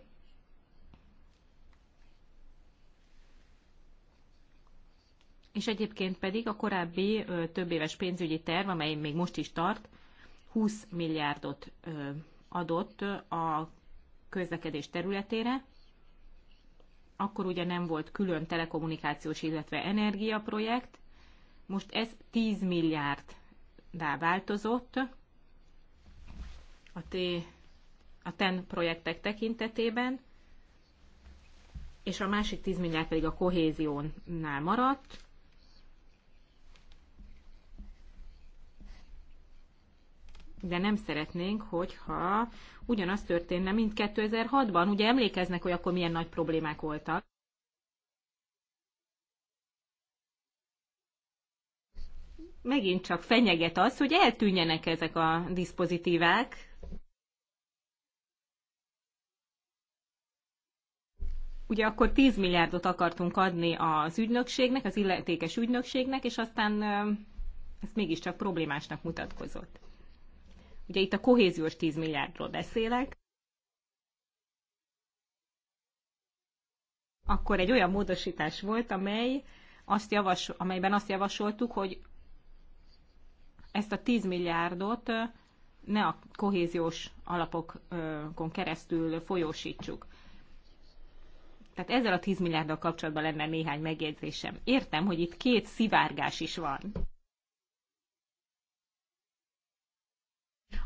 És egyébként pedig a korábbi többéves pénzügyi terv, amely még most is tart, 20 milliárdot adott a közlekedés területére, akkor ugye nem volt külön telekommunikációs, illetve energiaprojekt, most ez 10 milliárddá változott a, T, a TEN projektek tekintetében, és a másik 10 milliárd pedig a kohéziónál maradt, de nem szeretnénk, hogyha ugyanaz történne, mint 2006-ban. Ugye emlékeznek, hogy akkor milyen nagy problémák voltak. Megint csak fenyeget az, hogy eltűnjenek ezek a diszpozitívák. Ugye akkor 10 milliárdot akartunk adni az ügynökségnek, az illetékes ügynökségnek, és aztán ez mégiscsak problémásnak mutatkozott. Ugye itt a kohéziós 10 milliárdról beszélek. Akkor egy olyan módosítás volt, amely azt javasol, amelyben azt javasoltuk, hogy ezt a 10 milliárdot ne a kohéziós alapokon keresztül folyósítsuk. Tehát ezzel a 10 milliárddal kapcsolatban lenne néhány megjegyzésem. Értem, hogy itt két szivárgás is van.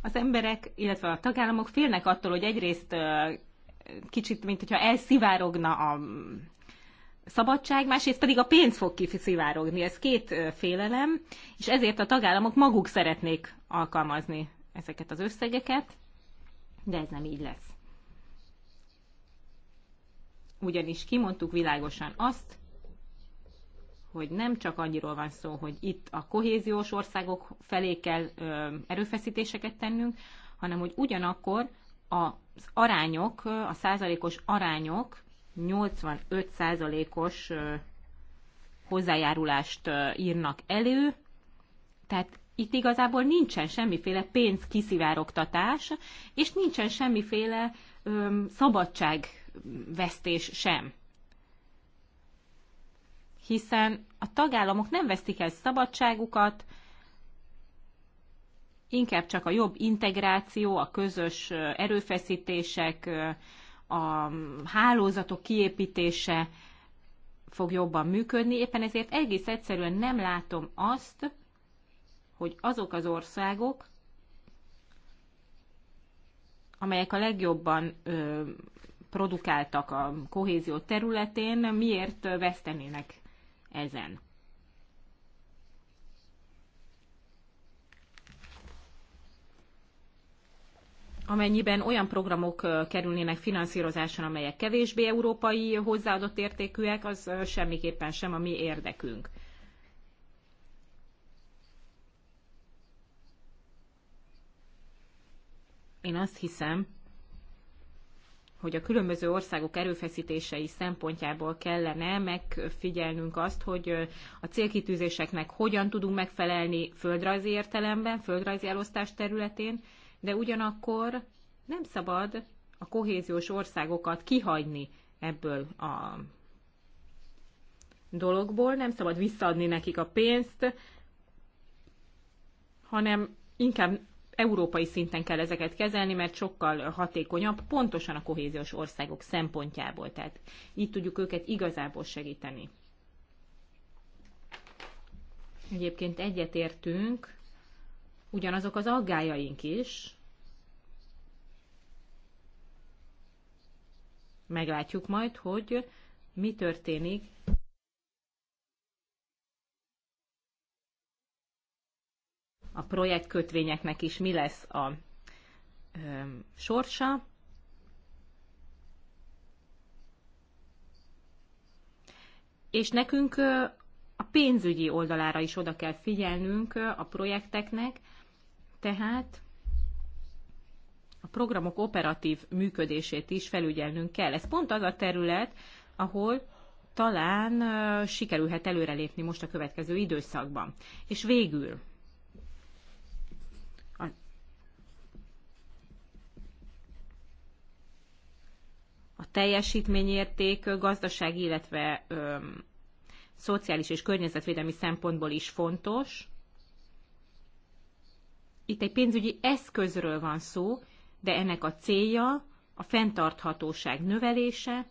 az emberek, illetve a tagállamok félnek attól, hogy egyrészt kicsit, mint hogyha elszivárogna a mm, szabadság, másrészt pedig a pénz fog kiszivárogni. Ez két félelem, és ezért a tagállamok maguk szeretnék alkalmazni ezeket az összegeket, de ez nem így lesz. Ugyanis kimondtuk világosan azt, hogy nem csak annyiról van szó, hogy itt a kohéziós országok felé kell erőfeszítéseket tennünk, hanem hogy ugyanakkor az arányok, a százalékos arányok 85 százalékos hozzájárulást írnak elő, tehát itt igazából nincsen semmiféle pénz kiszivárogtatás, és nincsen semmiféle ö, szabadságvesztés sem hiszen a tagállamok nem vesztik el szabadságukat, inkább csak a jobb integráció, a közös erőfeszítések, a hálózatok kiépítése fog jobban működni. Éppen ezért egész egyszerűen nem látom azt, hogy azok az országok, amelyek a legjobban produkáltak a kohézió területén, miért vesztenének ezen. amennyiben olyan programok kerülnének finanszírozáson, amelyek kevésbé európai hozzáadott értékűek, az semmiképpen sem a mi érdekünk. Én azt hiszem, hogy a különböző országok erőfeszítései szempontjából kellene megfigyelnünk azt, hogy a célkitűzéseknek hogyan tudunk megfelelni földrajzi értelemben, földrajzi elosztás területén, de ugyanakkor nem szabad a kohéziós országokat kihagyni ebből a dologból, nem szabad visszaadni nekik a pénzt, hanem inkább európai szinten kell ezeket kezelni, mert sokkal hatékonyabb, pontosan a kohéziós országok szempontjából. Tehát így tudjuk őket igazából segíteni. Egyébként egyetértünk, ugyanazok az aggájaink is. Meglátjuk majd, hogy mi történik a projektkötvényeknek is mi lesz a ö, sorsa. És nekünk a pénzügyi oldalára is oda kell figyelnünk a projekteknek, tehát a programok operatív működését is felügyelnünk kell. Ez pont az a terület, ahol talán sikerülhet előrelépni most a következő időszakban. És végül teljesítményérték gazdaság, illetve ö, szociális és környezetvédelmi szempontból is fontos. Itt egy pénzügyi eszközről van szó, de ennek a célja a fenntarthatóság növelése,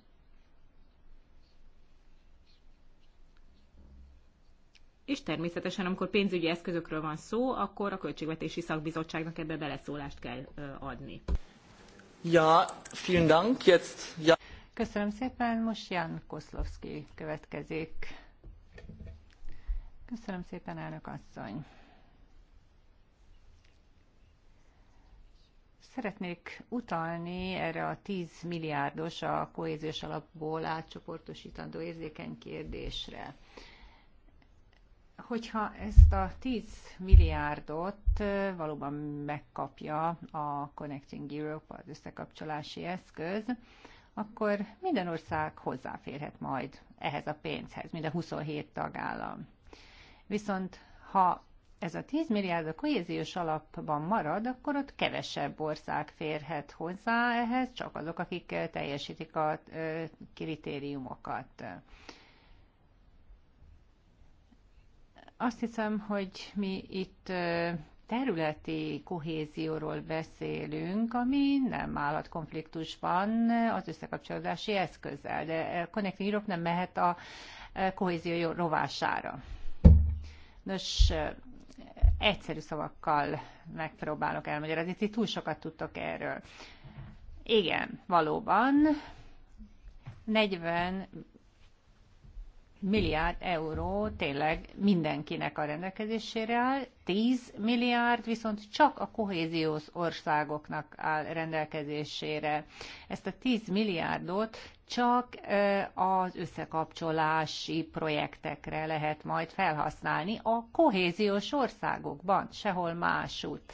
és természetesen, amikor pénzügyi eszközökről van szó, akkor a Költségvetési Szakbizottságnak ebbe beleszólást kell adni. Köszönöm szépen, most Jan Koszlovszki következik. Köszönöm szépen, elnök asszony. Szeretnék utalni erre a 10 milliárdos a kohéziós alapból átcsoportosítandó érzékeny kérdésre hogyha ezt a 10 milliárdot valóban megkapja a Connecting Europe, az összekapcsolási eszköz, akkor minden ország hozzáférhet majd ehhez a pénzhez, mind a 27 tagállam. Viszont ha ez a 10 milliárd a kohéziós alapban marad, akkor ott kevesebb ország férhet hozzá ehhez, csak azok, akik teljesítik a kritériumokat. Azt hiszem, hogy mi itt területi kohézióról beszélünk, ami nem állhat konfliktusban az összekapcsolódási eszközzel, de Connecting Europe nem mehet a kohézió rovására. Nos, egyszerű szavakkal megpróbálok elmagyarázni, ti túl sokat tudtok erről. Igen, valóban 40 milliárd euró tényleg mindenkinek a rendelkezésére áll, 10 milliárd viszont csak a kohéziós országoknak áll rendelkezésére. Ezt a 10 milliárdot csak az összekapcsolási projektekre lehet majd felhasználni a kohéziós országokban, sehol másút.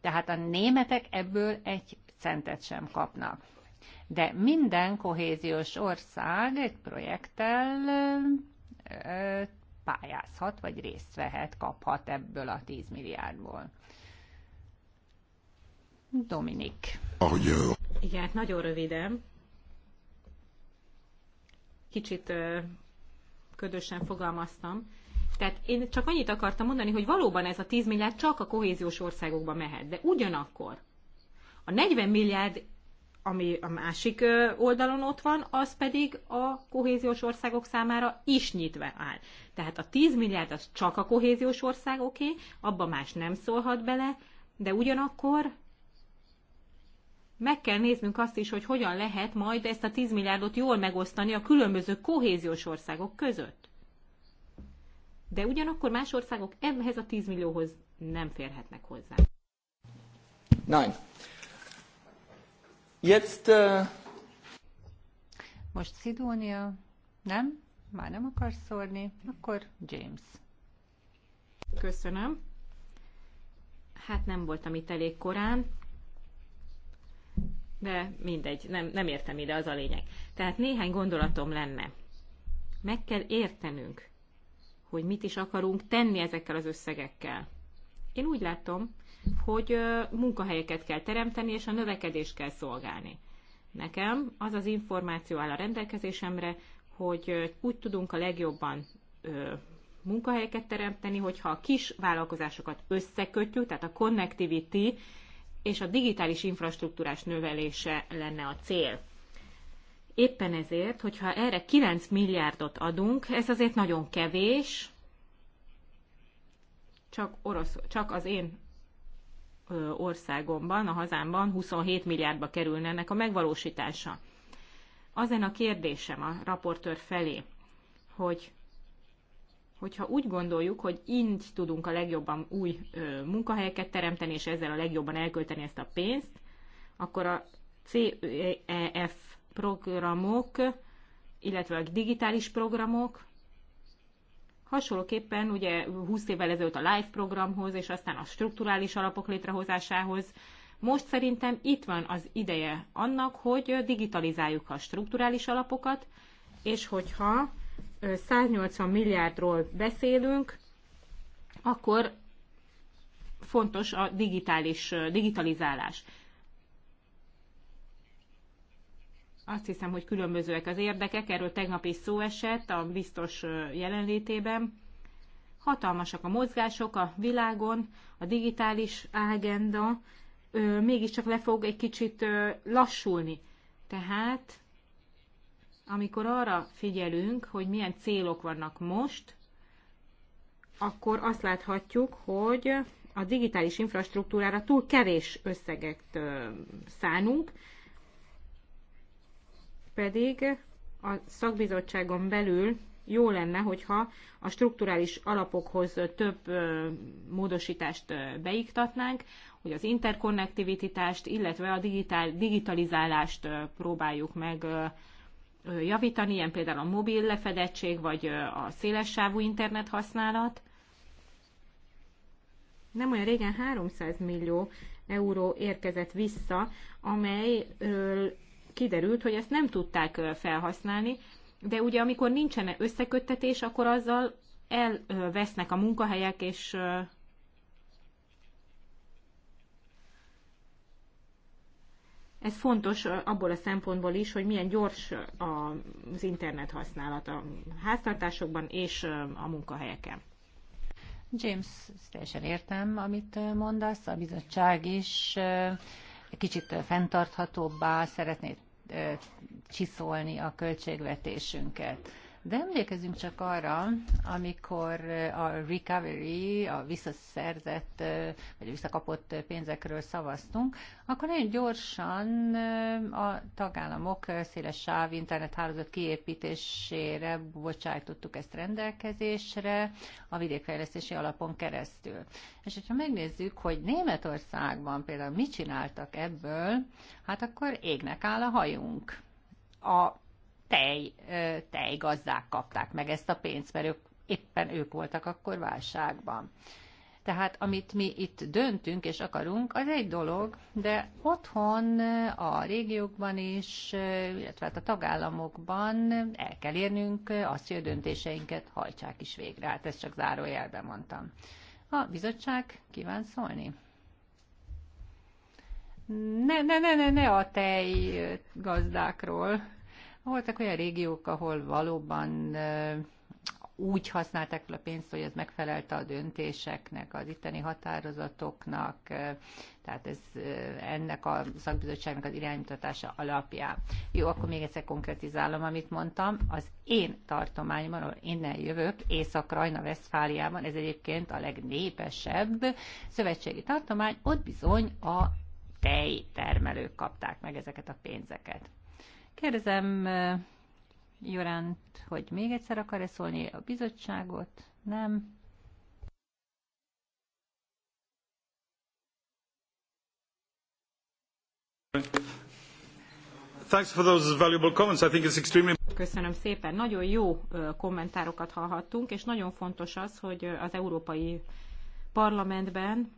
Tehát a németek ebből egy centet sem kapnak. De minden kohéziós ország egy projekttel pályázhat, vagy részt vehet, kaphat ebből a 10 milliárdból. Dominik. Oh, jó. Igen, hát nagyon röviden. Kicsit ö, ködösen fogalmaztam. Tehát én csak annyit akartam mondani, hogy valóban ez a 10 milliárd csak a kohéziós országokba mehet, de ugyanakkor a 40 milliárd ami a másik oldalon ott van, az pedig a kohéziós országok számára is nyitva áll. Tehát a 10 milliárd az csak a kohéziós országoké, abba más nem szólhat bele, de ugyanakkor meg kell néznünk azt is, hogy hogyan lehet majd ezt a 10 milliárdot jól megosztani a különböző kohéziós országok között. De ugyanakkor más országok ehhez a 10 millióhoz nem férhetnek hozzá. Nein. Jetzt, uh... Most Sidonia, nem? Már nem akar szólni? Akkor James. Köszönöm. Hát nem voltam itt elég korán, de mindegy, nem, nem értem ide, az a lényeg. Tehát néhány gondolatom lenne. Meg kell értenünk, hogy mit is akarunk tenni ezekkel az összegekkel. Én úgy látom, hogy munkahelyeket kell teremteni, és a növekedést kell szolgálni. Nekem az az információ áll a rendelkezésemre, hogy úgy tudunk a legjobban munkahelyeket teremteni, hogyha a kis vállalkozásokat összekötjük, tehát a connectivity és a digitális infrastruktúrás növelése lenne a cél. Éppen ezért, hogyha erre 9 milliárdot adunk, ez azért nagyon kevés, csak, orosz, csak az én országomban, a hazámban 27 milliárdba kerülne ennek a megvalósítása. Azen a kérdésem a raportőr felé, hogy hogyha úgy gondoljuk, hogy így tudunk a legjobban új ö, munkahelyeket teremteni, és ezzel a legjobban elkölteni ezt a pénzt, akkor a CEF programok, illetve a digitális programok Hasonlóképpen ugye 20 évvel ezelőtt a live programhoz, és aztán a strukturális alapok létrehozásához, most szerintem itt van az ideje annak, hogy digitalizáljuk a strukturális alapokat, és hogyha 180 milliárdról beszélünk, akkor fontos a digitális digitalizálás. Azt hiszem, hogy különbözőek az érdekek, erről tegnap is szó esett a biztos jelenlétében. Hatalmasak a mozgások a világon, a digitális ágenda mégiscsak le fog egy kicsit lassulni. Tehát, amikor arra figyelünk, hogy milyen célok vannak most, akkor azt láthatjuk, hogy a digitális infrastruktúrára túl kevés összeget szánunk, pedig a szakbizottságon belül jó lenne, hogyha a strukturális alapokhoz több módosítást beiktatnánk, hogy az interkonnektivitást, illetve a digitál, digitalizálást próbáljuk meg javítani, ilyen például a mobil lefedettség, vagy a szélessávú internet használat. Nem olyan régen 300 millió euró érkezett vissza, amelyről kiderült, hogy ezt nem tudták felhasználni, de ugye amikor nincsen összeköttetés, akkor azzal elvesznek a munkahelyek, és ez fontos abból a szempontból is, hogy milyen gyors az internet használat a háztartásokban és a munkahelyeken. James, teljesen értem, amit mondasz. A bizottság is kicsit fenntarthatóbbá szeretné csiszolni a költségvetésünket. De emlékezünk csak arra, amikor a recovery, a visszaszerzett, vagy visszakapott pénzekről szavaztunk, akkor nagyon gyorsan a tagállamok széles sáv internethálózat kiépítésére bocsájtottuk ezt rendelkezésre a vidékfejlesztési alapon keresztül. És hogyha megnézzük, hogy Németországban például mit csináltak ebből, hát akkor égnek áll a hajunk. A tej, tejgazdák kapták meg ezt a pénzt, mert ők, éppen ők voltak akkor válságban. Tehát amit mi itt döntünk és akarunk, az egy dolog, de otthon, a régiókban is, illetve hát a tagállamokban el kell érnünk azt, hogy a döntéseinket hajtsák is végre. Hát ezt csak zárójelben mondtam. A bizottság kíván szólni? Ne, ne, ne, ne, ne a tej gazdákról. Voltak olyan régiók, ahol valóban úgy használták fel a pénzt, hogy ez megfelelte a döntéseknek, az itteni határozatoknak, tehát ez ennek a szakbizottságnak az iránymutatása alapján. Jó, akkor még egyszer konkretizálom, amit mondtam. Az én tartományban, ahol innen jövök, Észak-Rajna, Veszfáliában, ez egyébként a legnépesebb szövetségi tartomány, ott bizony a tejtermelők kapták meg ezeket a pénzeket. Kérdezem Joránt, hogy még egyszer akar-e szólni a bizottságot? Nem? Köszönöm szépen. Nagyon jó kommentárokat hallhattunk, és nagyon fontos az, hogy az Európai Parlamentben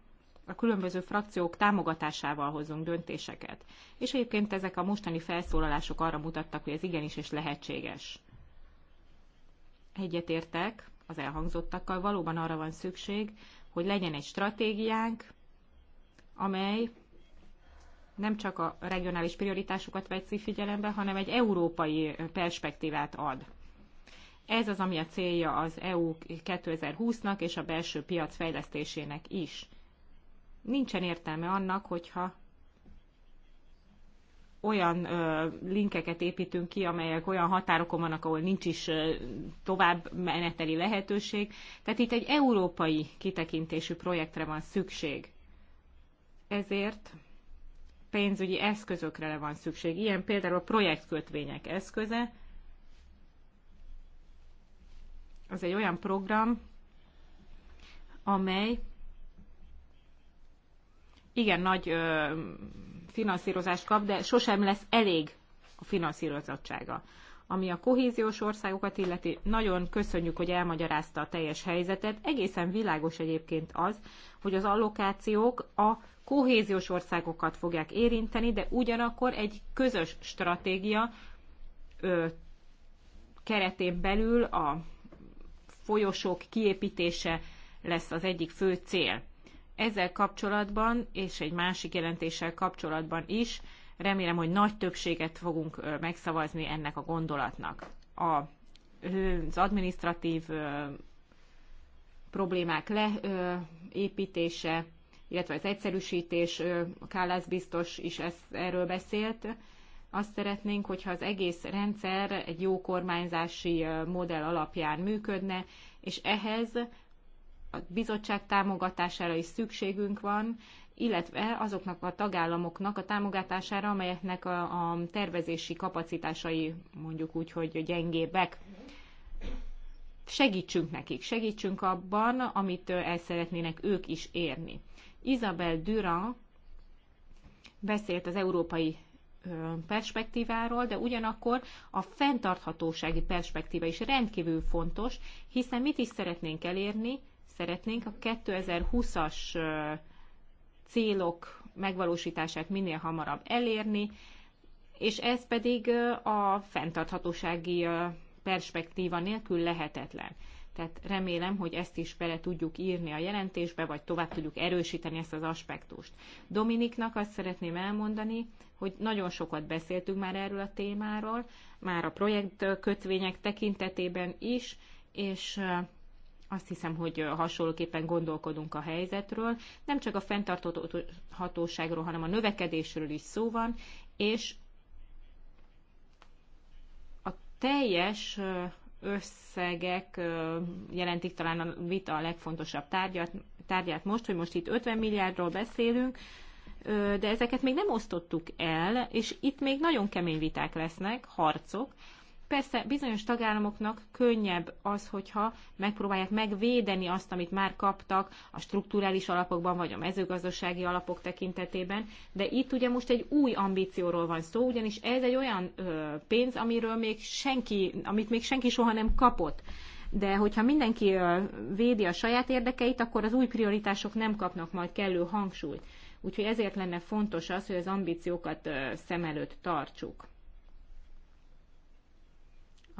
a különböző frakciók támogatásával hozunk döntéseket. És egyébként ezek a mostani felszólalások arra mutattak, hogy ez igenis és lehetséges. Egyetértek az elhangzottakkal, valóban arra van szükség, hogy legyen egy stratégiánk, amely nem csak a regionális prioritásokat veszi figyelembe, hanem egy európai perspektívát ad. Ez az, ami a célja az EU 2020-nak és a belső piac fejlesztésének is nincsen értelme annak, hogyha olyan ö, linkeket építünk ki, amelyek olyan határokon vannak, ahol nincs is ö, tovább meneteli lehetőség. Tehát itt egy európai kitekintésű projektre van szükség. Ezért pénzügyi eszközökre van szükség. Ilyen például a projektkötvények eszköze. Az egy olyan program, amely igen nagy ö, finanszírozást kap, de sosem lesz elég a finanszírozottsága. Ami a kohéziós országokat illeti, nagyon köszönjük, hogy elmagyarázta a teljes helyzetet. Egészen világos egyébként az, hogy az allokációk a kohéziós országokat fogják érinteni, de ugyanakkor egy közös stratégia ö, keretén belül a folyosók kiépítése lesz az egyik fő cél. Ezzel kapcsolatban és egy másik jelentéssel kapcsolatban is remélem, hogy nagy többséget fogunk megszavazni ennek a gondolatnak. A, az administratív problémák leépítése, illetve az egyszerűsítés, Kállász biztos is ezt, erről beszélt, azt szeretnénk, hogyha az egész rendszer egy jó kormányzási modell alapján működne, és ehhez a bizottság támogatására is szükségünk van, illetve azoknak a tagállamoknak a támogatására, amelyeknek a, a tervezési kapacitásai mondjuk úgy, hogy gyengébbek. Segítsünk nekik, segítsünk abban, amit el szeretnének ők is érni. Isabel Durand beszélt az európai perspektíváról, de ugyanakkor a fenntarthatósági perspektíva is rendkívül fontos, hiszen mit is szeretnénk elérni, szeretnénk a 2020-as célok megvalósítását minél hamarabb elérni, és ez pedig a fenntarthatósági perspektíva nélkül lehetetlen. Tehát remélem, hogy ezt is bele tudjuk írni a jelentésbe, vagy tovább tudjuk erősíteni ezt az aspektust. Dominiknak azt szeretném elmondani, hogy nagyon sokat beszéltünk már erről a témáról, már a projekt kötvények tekintetében is, és azt hiszem, hogy hasonlóképpen gondolkodunk a helyzetről. Nem csak a fenntarthatóságról, hanem a növekedésről is szó van, és a teljes összegek jelentik talán a vita a legfontosabb tárgyat, tárgyát most, hogy most itt 50 milliárdról beszélünk, de ezeket még nem osztottuk el, és itt még nagyon kemény viták lesznek, harcok, Persze bizonyos tagállamoknak könnyebb az, hogyha megpróbálják megvédeni azt, amit már kaptak a strukturális alapokban vagy a mezőgazdasági alapok tekintetében, de itt ugye most egy új ambícióról van szó, ugyanis ez egy olyan ö, pénz, amiről még senki, amit még senki soha nem kapott. De hogyha mindenki ö, védi a saját érdekeit, akkor az új prioritások nem kapnak majd kellő hangsúlyt. Úgyhogy ezért lenne fontos az, hogy az ambíciókat ö, szem előtt tartsuk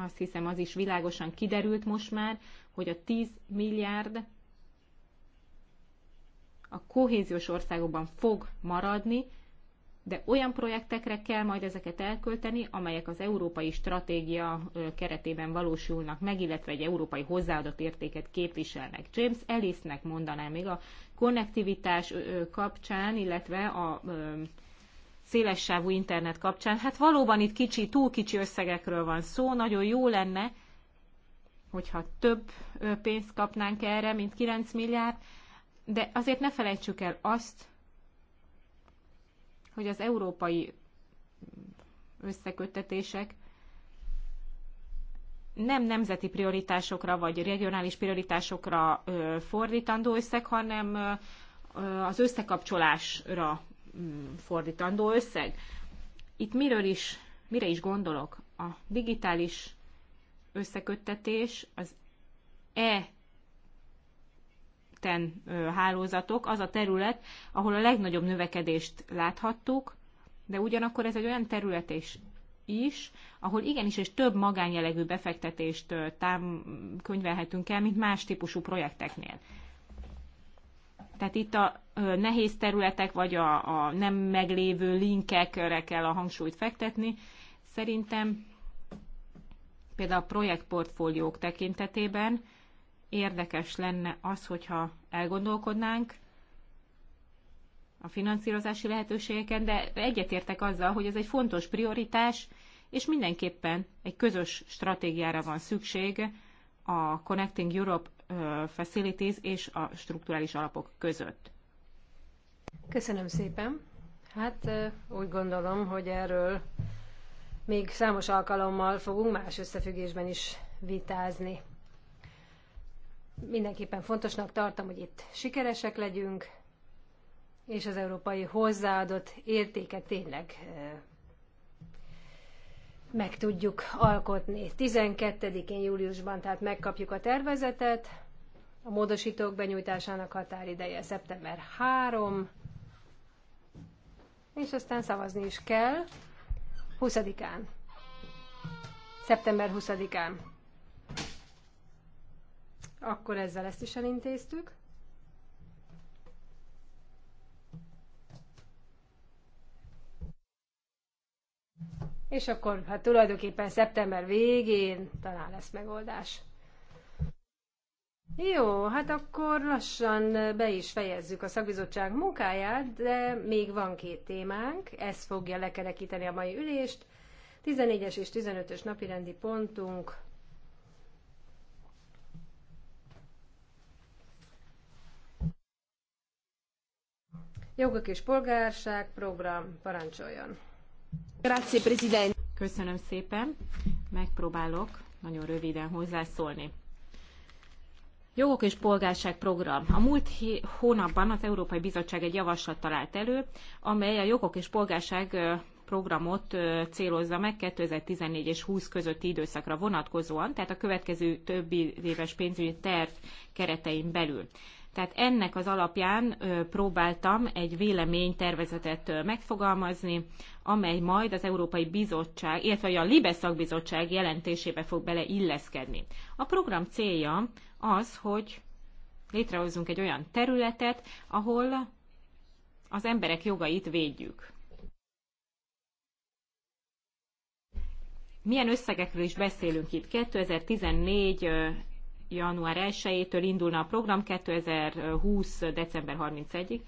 azt hiszem az is világosan kiderült most már, hogy a 10 milliárd a kohéziós országokban fog maradni, de olyan projektekre kell majd ezeket elkölteni, amelyek az európai stratégia keretében valósulnak meg, illetve egy európai hozzáadott értéket képviselnek. James Ellisnek mondanám még a konnektivitás kapcsán, illetve a szélessávú internet kapcsán. Hát valóban itt kicsi, túl kicsi összegekről van szó, nagyon jó lenne, hogyha több pénzt kapnánk erre, mint 9 milliárd, de azért ne felejtsük el azt, hogy az európai összeköttetések nem nemzeti prioritásokra vagy regionális prioritásokra fordítandó összeg, hanem az összekapcsolásra Mm, fordítandó összeg. Itt miről is, mire is gondolok? A digitális összeköttetés, az e ten hálózatok az a terület, ahol a legnagyobb növekedést láthattuk, de ugyanakkor ez egy olyan terület is, is ahol igenis és több magánjelegű befektetést tám- könyvelhetünk el, mint más típusú projekteknél. Tehát itt a nehéz területek, vagy a, a nem meglévő linkekre kell a hangsúlyt fektetni. Szerintem például a projektportfóliók tekintetében érdekes lenne az, hogyha elgondolkodnánk a finanszírozási lehetőségeken, de egyetértek azzal, hogy ez egy fontos prioritás, és mindenképpen egy közös stratégiára van szükség a Connecting Europe Facilities és a strukturális alapok között. Köszönöm szépen. Hát úgy gondolom, hogy erről még számos alkalommal fogunk más összefüggésben is vitázni. Mindenképpen fontosnak tartom, hogy itt sikeresek legyünk, és az európai hozzáadott értéket tényleg meg tudjuk alkotni. 12-én júliusban tehát megkapjuk a tervezetet, a módosítók benyújtásának határideje szeptember 3, és aztán szavazni is kell 20-án. Szeptember 20-án. Akkor ezzel ezt is elintéztük. és akkor hát tulajdonképpen szeptember végén talán lesz megoldás. Jó, hát akkor lassan be is fejezzük a szakbizottság munkáját, de még van két témánk, ez fogja lekerekíteni a mai ülést. 14-es és 15-ös napirendi pontunk. Jogok és polgárság program parancsoljon. Köszönöm szépen. Megpróbálok nagyon röviden hozzászólni. Jogok és polgárság program. A múlt hónapban az Európai Bizottság egy javaslat talált elő, amely a jogok és polgárság programot célozza meg 2014 és 20 közötti időszakra vonatkozóan, tehát a következő többi éves pénzügyi terv keretein belül. Tehát ennek az alapján próbáltam egy véleménytervezetet megfogalmazni, amely majd az Európai Bizottság, illetve a Libe Szakbizottság jelentésébe fog beleilleszkedni. A program célja az, hogy létrehozzunk egy olyan területet, ahol az emberek jogait védjük. Milyen összegekről is beszélünk itt? 2014 január 1-től indulna a program 2020. december 31-ig.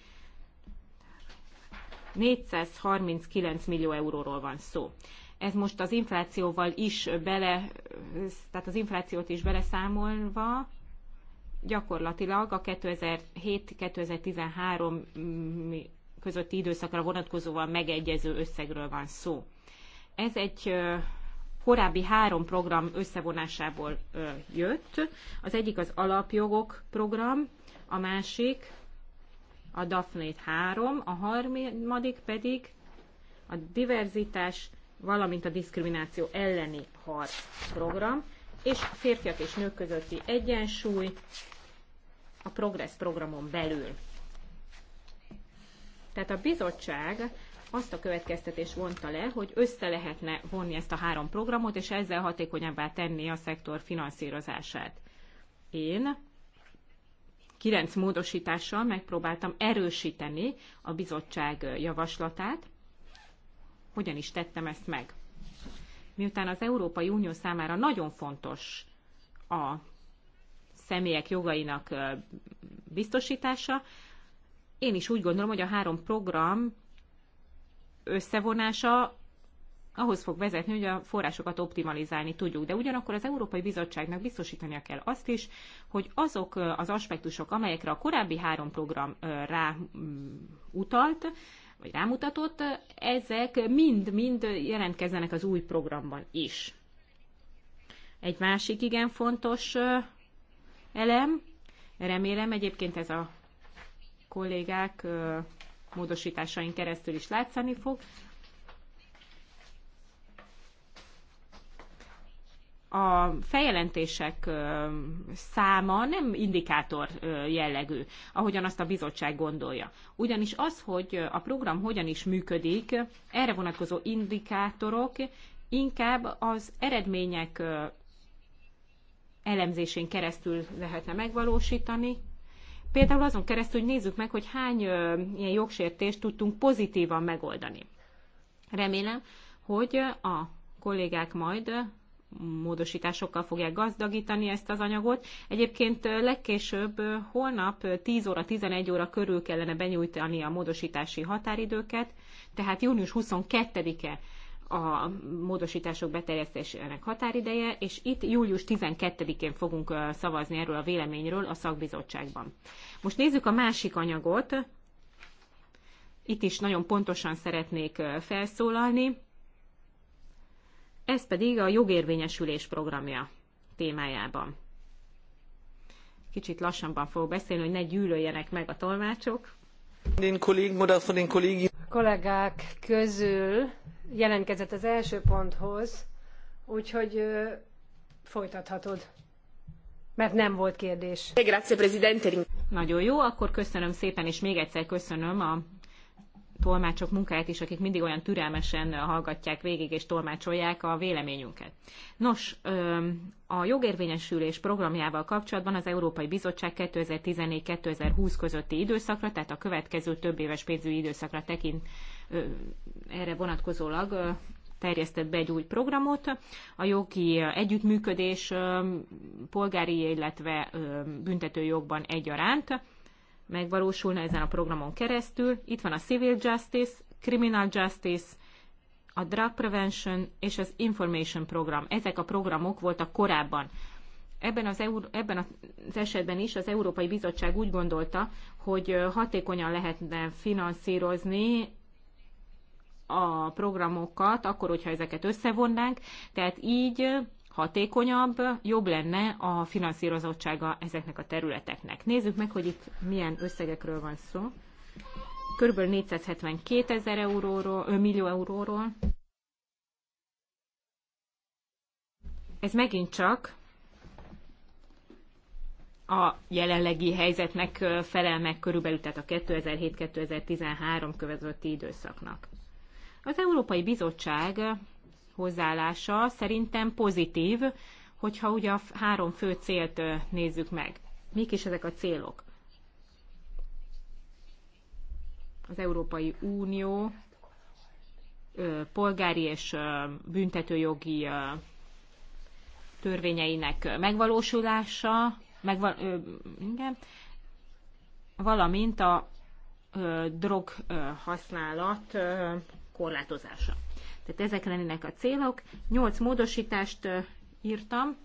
439 millió euróról van szó. Ez most az inflációval is bele, tehát az inflációt is beleszámolva, gyakorlatilag a 2007-2013 közötti időszakra vonatkozóan megegyező összegről van szó. Ez egy korábbi három program összevonásából jött. Az egyik az alapjogok program, a másik a Daphne 3, a harmadik pedig a diverzitás, valamint a diszkrimináció elleni harc program, és a férfiak és nők közötti egyensúly a Progress programon belül. Tehát a bizottság azt a következtetés vonta le, hogy össze lehetne vonni ezt a három programot, és ezzel hatékonyabbá tenni a szektor finanszírozását. Én kilenc módosítással megpróbáltam erősíteni a bizottság javaslatát. Hogyan is tettem ezt meg? Miután az Európai Unió számára nagyon fontos a személyek jogainak biztosítása, én is úgy gondolom, hogy a három program összevonása ahhoz fog vezetni, hogy a forrásokat optimalizálni tudjuk. De ugyanakkor az Európai Bizottságnak biztosítania kell azt is, hogy azok az aspektusok, amelyekre a korábbi három program rá utalt, vagy rámutatott, ezek mind-mind jelentkezzenek az új programban is. Egy másik igen fontos elem, remélem egyébként ez a kollégák módosításain keresztül is látszani fog. a feljelentések száma nem indikátor jellegű, ahogyan azt a bizottság gondolja. Ugyanis az, hogy a program hogyan is működik, erre vonatkozó indikátorok inkább az eredmények elemzésén keresztül lehetne megvalósítani, Például azon keresztül, hogy nézzük meg, hogy hány ilyen jogsértést tudtunk pozitívan megoldani. Remélem, hogy a kollégák majd módosításokkal fogják gazdagítani ezt az anyagot. Egyébként legkésőbb holnap 10 óra, 11 óra körül kellene benyújtani a módosítási határidőket, tehát június 22-e a módosítások beterjesztésének határideje, és itt július 12-én fogunk szavazni erről a véleményről a szakbizottságban. Most nézzük a másik anyagot. Itt is nagyon pontosan szeretnék felszólalni. Ez pedig a jogérvényesülés programja témájában. Kicsit lassanban fogok beszélni, hogy ne gyűlöljenek meg a tolmácsok. Den Kollegen oder von den Kollegen kollégák közül jelentkezett az első ponthoz, úgyhogy ö, folytathatod, mert nem volt kérdés. Grazie, Presidente. Nagyon jó, akkor köszönöm szépen, és még egyszer köszönöm a tolmácsok munkáját is, akik mindig olyan türelmesen hallgatják végig és tolmácsolják a véleményünket. Nos, a jogérvényesülés programjával kapcsolatban az Európai Bizottság 2014-2020 közötti időszakra, tehát a következő több éves pénzügyi időszakra tekint erre vonatkozólag terjesztett be egy új programot. A jogi együttműködés polgári, illetve büntetőjogban egyaránt megvalósulna ezen a programon keresztül. Itt van a Civil Justice, Criminal Justice, a Drug Prevention és az Information Program. Ezek a programok voltak korábban. Ebben az, ebben az esetben is az Európai Bizottság úgy gondolta, hogy hatékonyan lehetne finanszírozni a programokat, akkor, hogyha ezeket összevonnánk. Tehát így hatékonyabb, jobb lenne a finanszírozottsága ezeknek a területeknek. Nézzük meg, hogy itt milyen összegekről van szó. Körülbelül 472 ezer euróról, millió euróról. Ez megint csak a jelenlegi helyzetnek felel meg körülbelül, tehát a 2007-2013 közötti időszaknak. Az Európai Bizottság hozzáállása szerintem pozitív, hogyha ugye a három fő célt nézzük meg. Mik is ezek a célok? Az Európai Unió polgári és büntetőjogi törvényeinek megvalósulása, megval, ö, igen, valamint a ö, drog ö, használat ö, korlátozása. Tehát ezek lennének a célok. Nyolc módosítást írtam.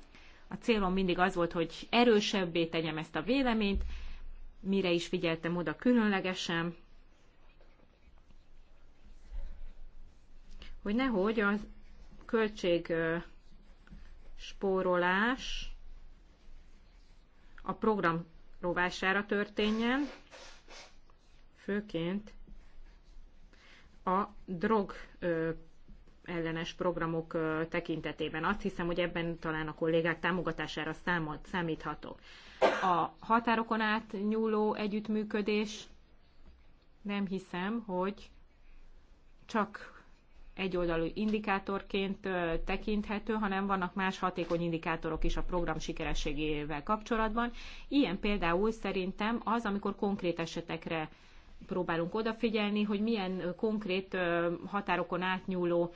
A célom mindig az volt, hogy erősebbé tegyem ezt a véleményt, mire is figyeltem oda különlegesen, hogy nehogy a költség spórolás a program rovására történjen, főként a drog ellenes programok tekintetében. Azt hiszem, hogy ebben talán a kollégák támogatására számolt, számíthatok. A határokon át nyúló együttműködés nem hiszem, hogy csak egyoldalú indikátorként tekinthető, hanem vannak más hatékony indikátorok is a program sikerességével kapcsolatban. Ilyen például szerintem az, amikor konkrét esetekre próbálunk odafigyelni, hogy milyen konkrét határokon átnyúló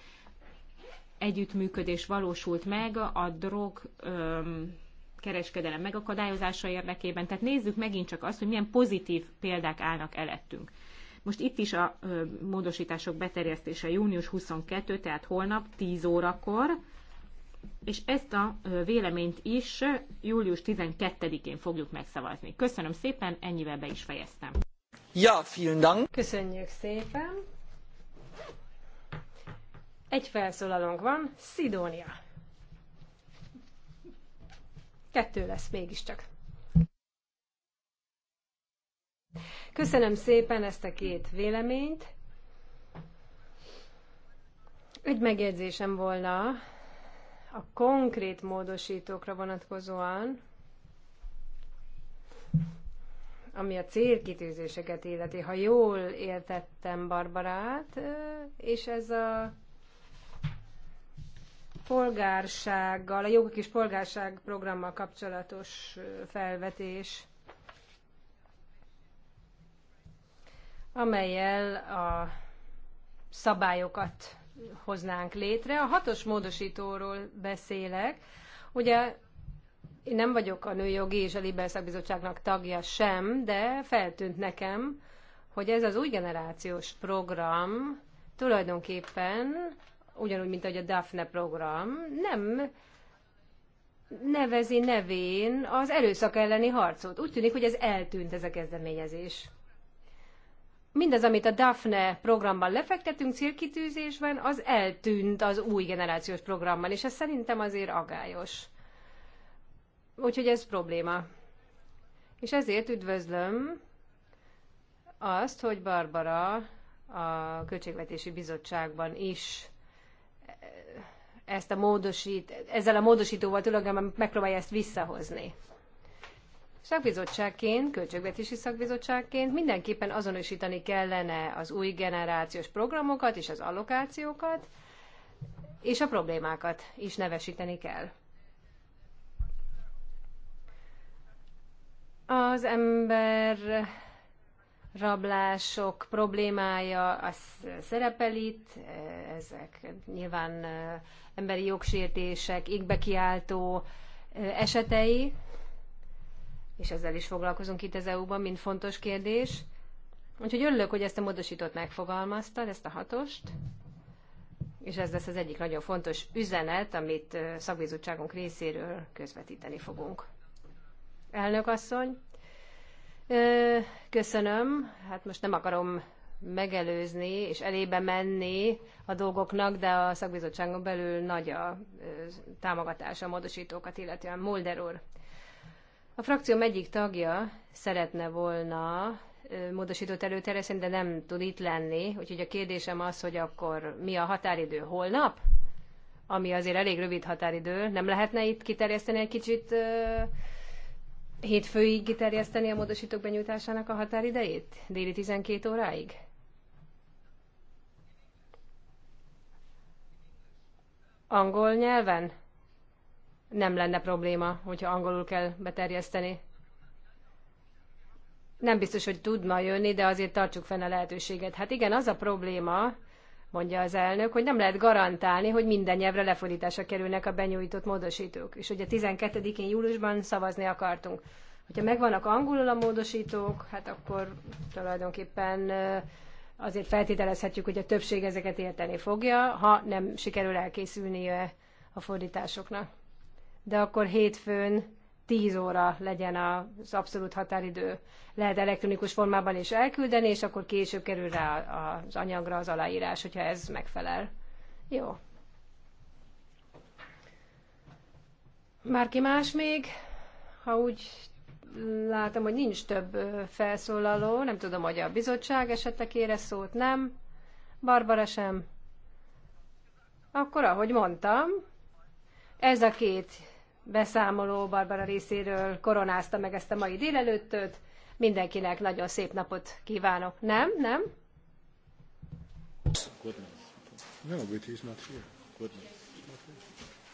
együttműködés valósult meg a drog öm, kereskedelem megakadályozása érdekében. Tehát nézzük megint csak azt, hogy milyen pozitív példák állnak elettünk. Most itt is a ö, módosítások beterjesztése június 22, tehát holnap 10 órakor, és ezt a véleményt is július 12-én fogjuk megszavazni. Köszönöm szépen, ennyivel be is fejeztem. Ja, vielen Dank. Köszönjük szépen. Egy felszólalónk van, Szidónia. Kettő lesz mégiscsak. Köszönöm szépen ezt a két véleményt. Egy megjegyzésem volna a konkrét módosítókra vonatkozóan, ami a célkitűzéseket illeti. Ha jól értettem Barbarát, és ez a polgársággal, a jogok és polgárság programmal kapcsolatos felvetés, amelyel a szabályokat hoznánk létre. A hatos módosítóról beszélek. Ugye én nem vagyok a Nőjogi és a Libel tagja sem, de feltűnt nekem, hogy ez az új generációs program tulajdonképpen ugyanúgy, mint ahogy a Daphne program, nem nevezi nevén az erőszak elleni harcot. Úgy tűnik, hogy ez eltűnt ez a kezdeményezés. Mindaz, amit a Daphne programban lefektetünk célkitűzésben, az eltűnt az új generációs programban, és ez szerintem azért agályos. Úgyhogy ez probléma. És ezért üdvözlöm azt, hogy Barbara a Költségvetési Bizottságban is ezt a módosít, ezzel a módosítóval tulajdonképpen megpróbálja ezt visszahozni. Szakbizottságként, költségvetési szakbizottságként mindenképpen azonosítani kellene az új generációs programokat és az allokációkat, és a problémákat is nevesíteni kell. Az ember rablások problémája az szerepel itt, ezek nyilván emberi jogsértések, égbe kiáltó esetei, és ezzel is foglalkozunk itt az EU-ban, mint fontos kérdés. Úgyhogy örülök, hogy ezt a módosítót megfogalmaztad, ezt a hatost, és ez lesz az egyik nagyon fontos üzenet, amit szakbizottságunk részéről közvetíteni fogunk. Elnök asszony, Köszönöm. Hát most nem akarom megelőzni és elébe menni a dolgoknak, de a szakbizottságon belül nagy a támogatása a módosítókat, illetően Mulder úr. A frakció egyik tagja szeretne volna módosított előterjeszteni, de nem tud itt lenni, úgyhogy a kérdésem az, hogy akkor mi a határidő holnap? Ami azért elég rövid határidő, nem lehetne itt kiterjeszteni egy kicsit hétfőig kiterjeszteni a módosítók benyújtásának a határidejét? Déli 12 óráig? Angol nyelven? Nem lenne probléma, hogyha angolul kell beterjeszteni. Nem biztos, hogy tudna jönni, de azért tartsuk fenn a lehetőséget. Hát igen, az a probléma, mondja az elnök, hogy nem lehet garantálni, hogy minden nyelvre lefordításra kerülnek a benyújtott módosítók. És ugye 12-én júliusban szavazni akartunk. Hogyha megvannak angolul a módosítók, hát akkor tulajdonképpen azért feltételezhetjük, hogy a többség ezeket érteni fogja, ha nem sikerül elkészülnie a fordításoknak. De akkor hétfőn 10 óra legyen az abszolút határidő. Lehet elektronikus formában is elküldeni, és akkor később kerül rá az anyagra az aláírás, hogyha ez megfelel. Jó. Márki más még? Ha úgy látom, hogy nincs több felszólaló, nem tudom, hogy a bizottság esetleg ére szót, nem? Barbara sem. Akkor, ahogy mondtam, ez a két beszámoló Barbara részéről koronázta meg ezt a mai délelőttöt. Mindenkinek nagyon szép napot kívánok. Nem? Nem?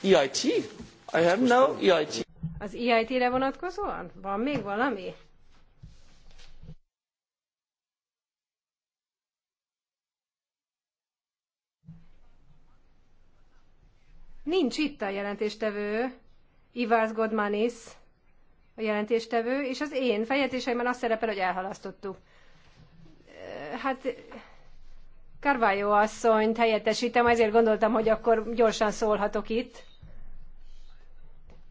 EIT? E I have no EIT. Az EIT-re vonatkozóan? Van még valami? Nincs itt a jelentéstevő. Ivars Godmanis a jelentéstevő, és az én feljegyzéseimben azt szerepel, hogy elhalasztottuk. Hát Carvalho asszonyt helyettesítem, ezért gondoltam, hogy akkor gyorsan szólhatok itt.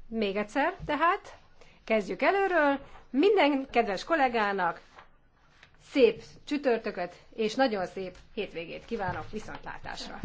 Még egyszer, tehát kezdjük előről. Minden kedves kollégának szép csütörtököt és nagyon szép hétvégét kívánok viszontlátásra!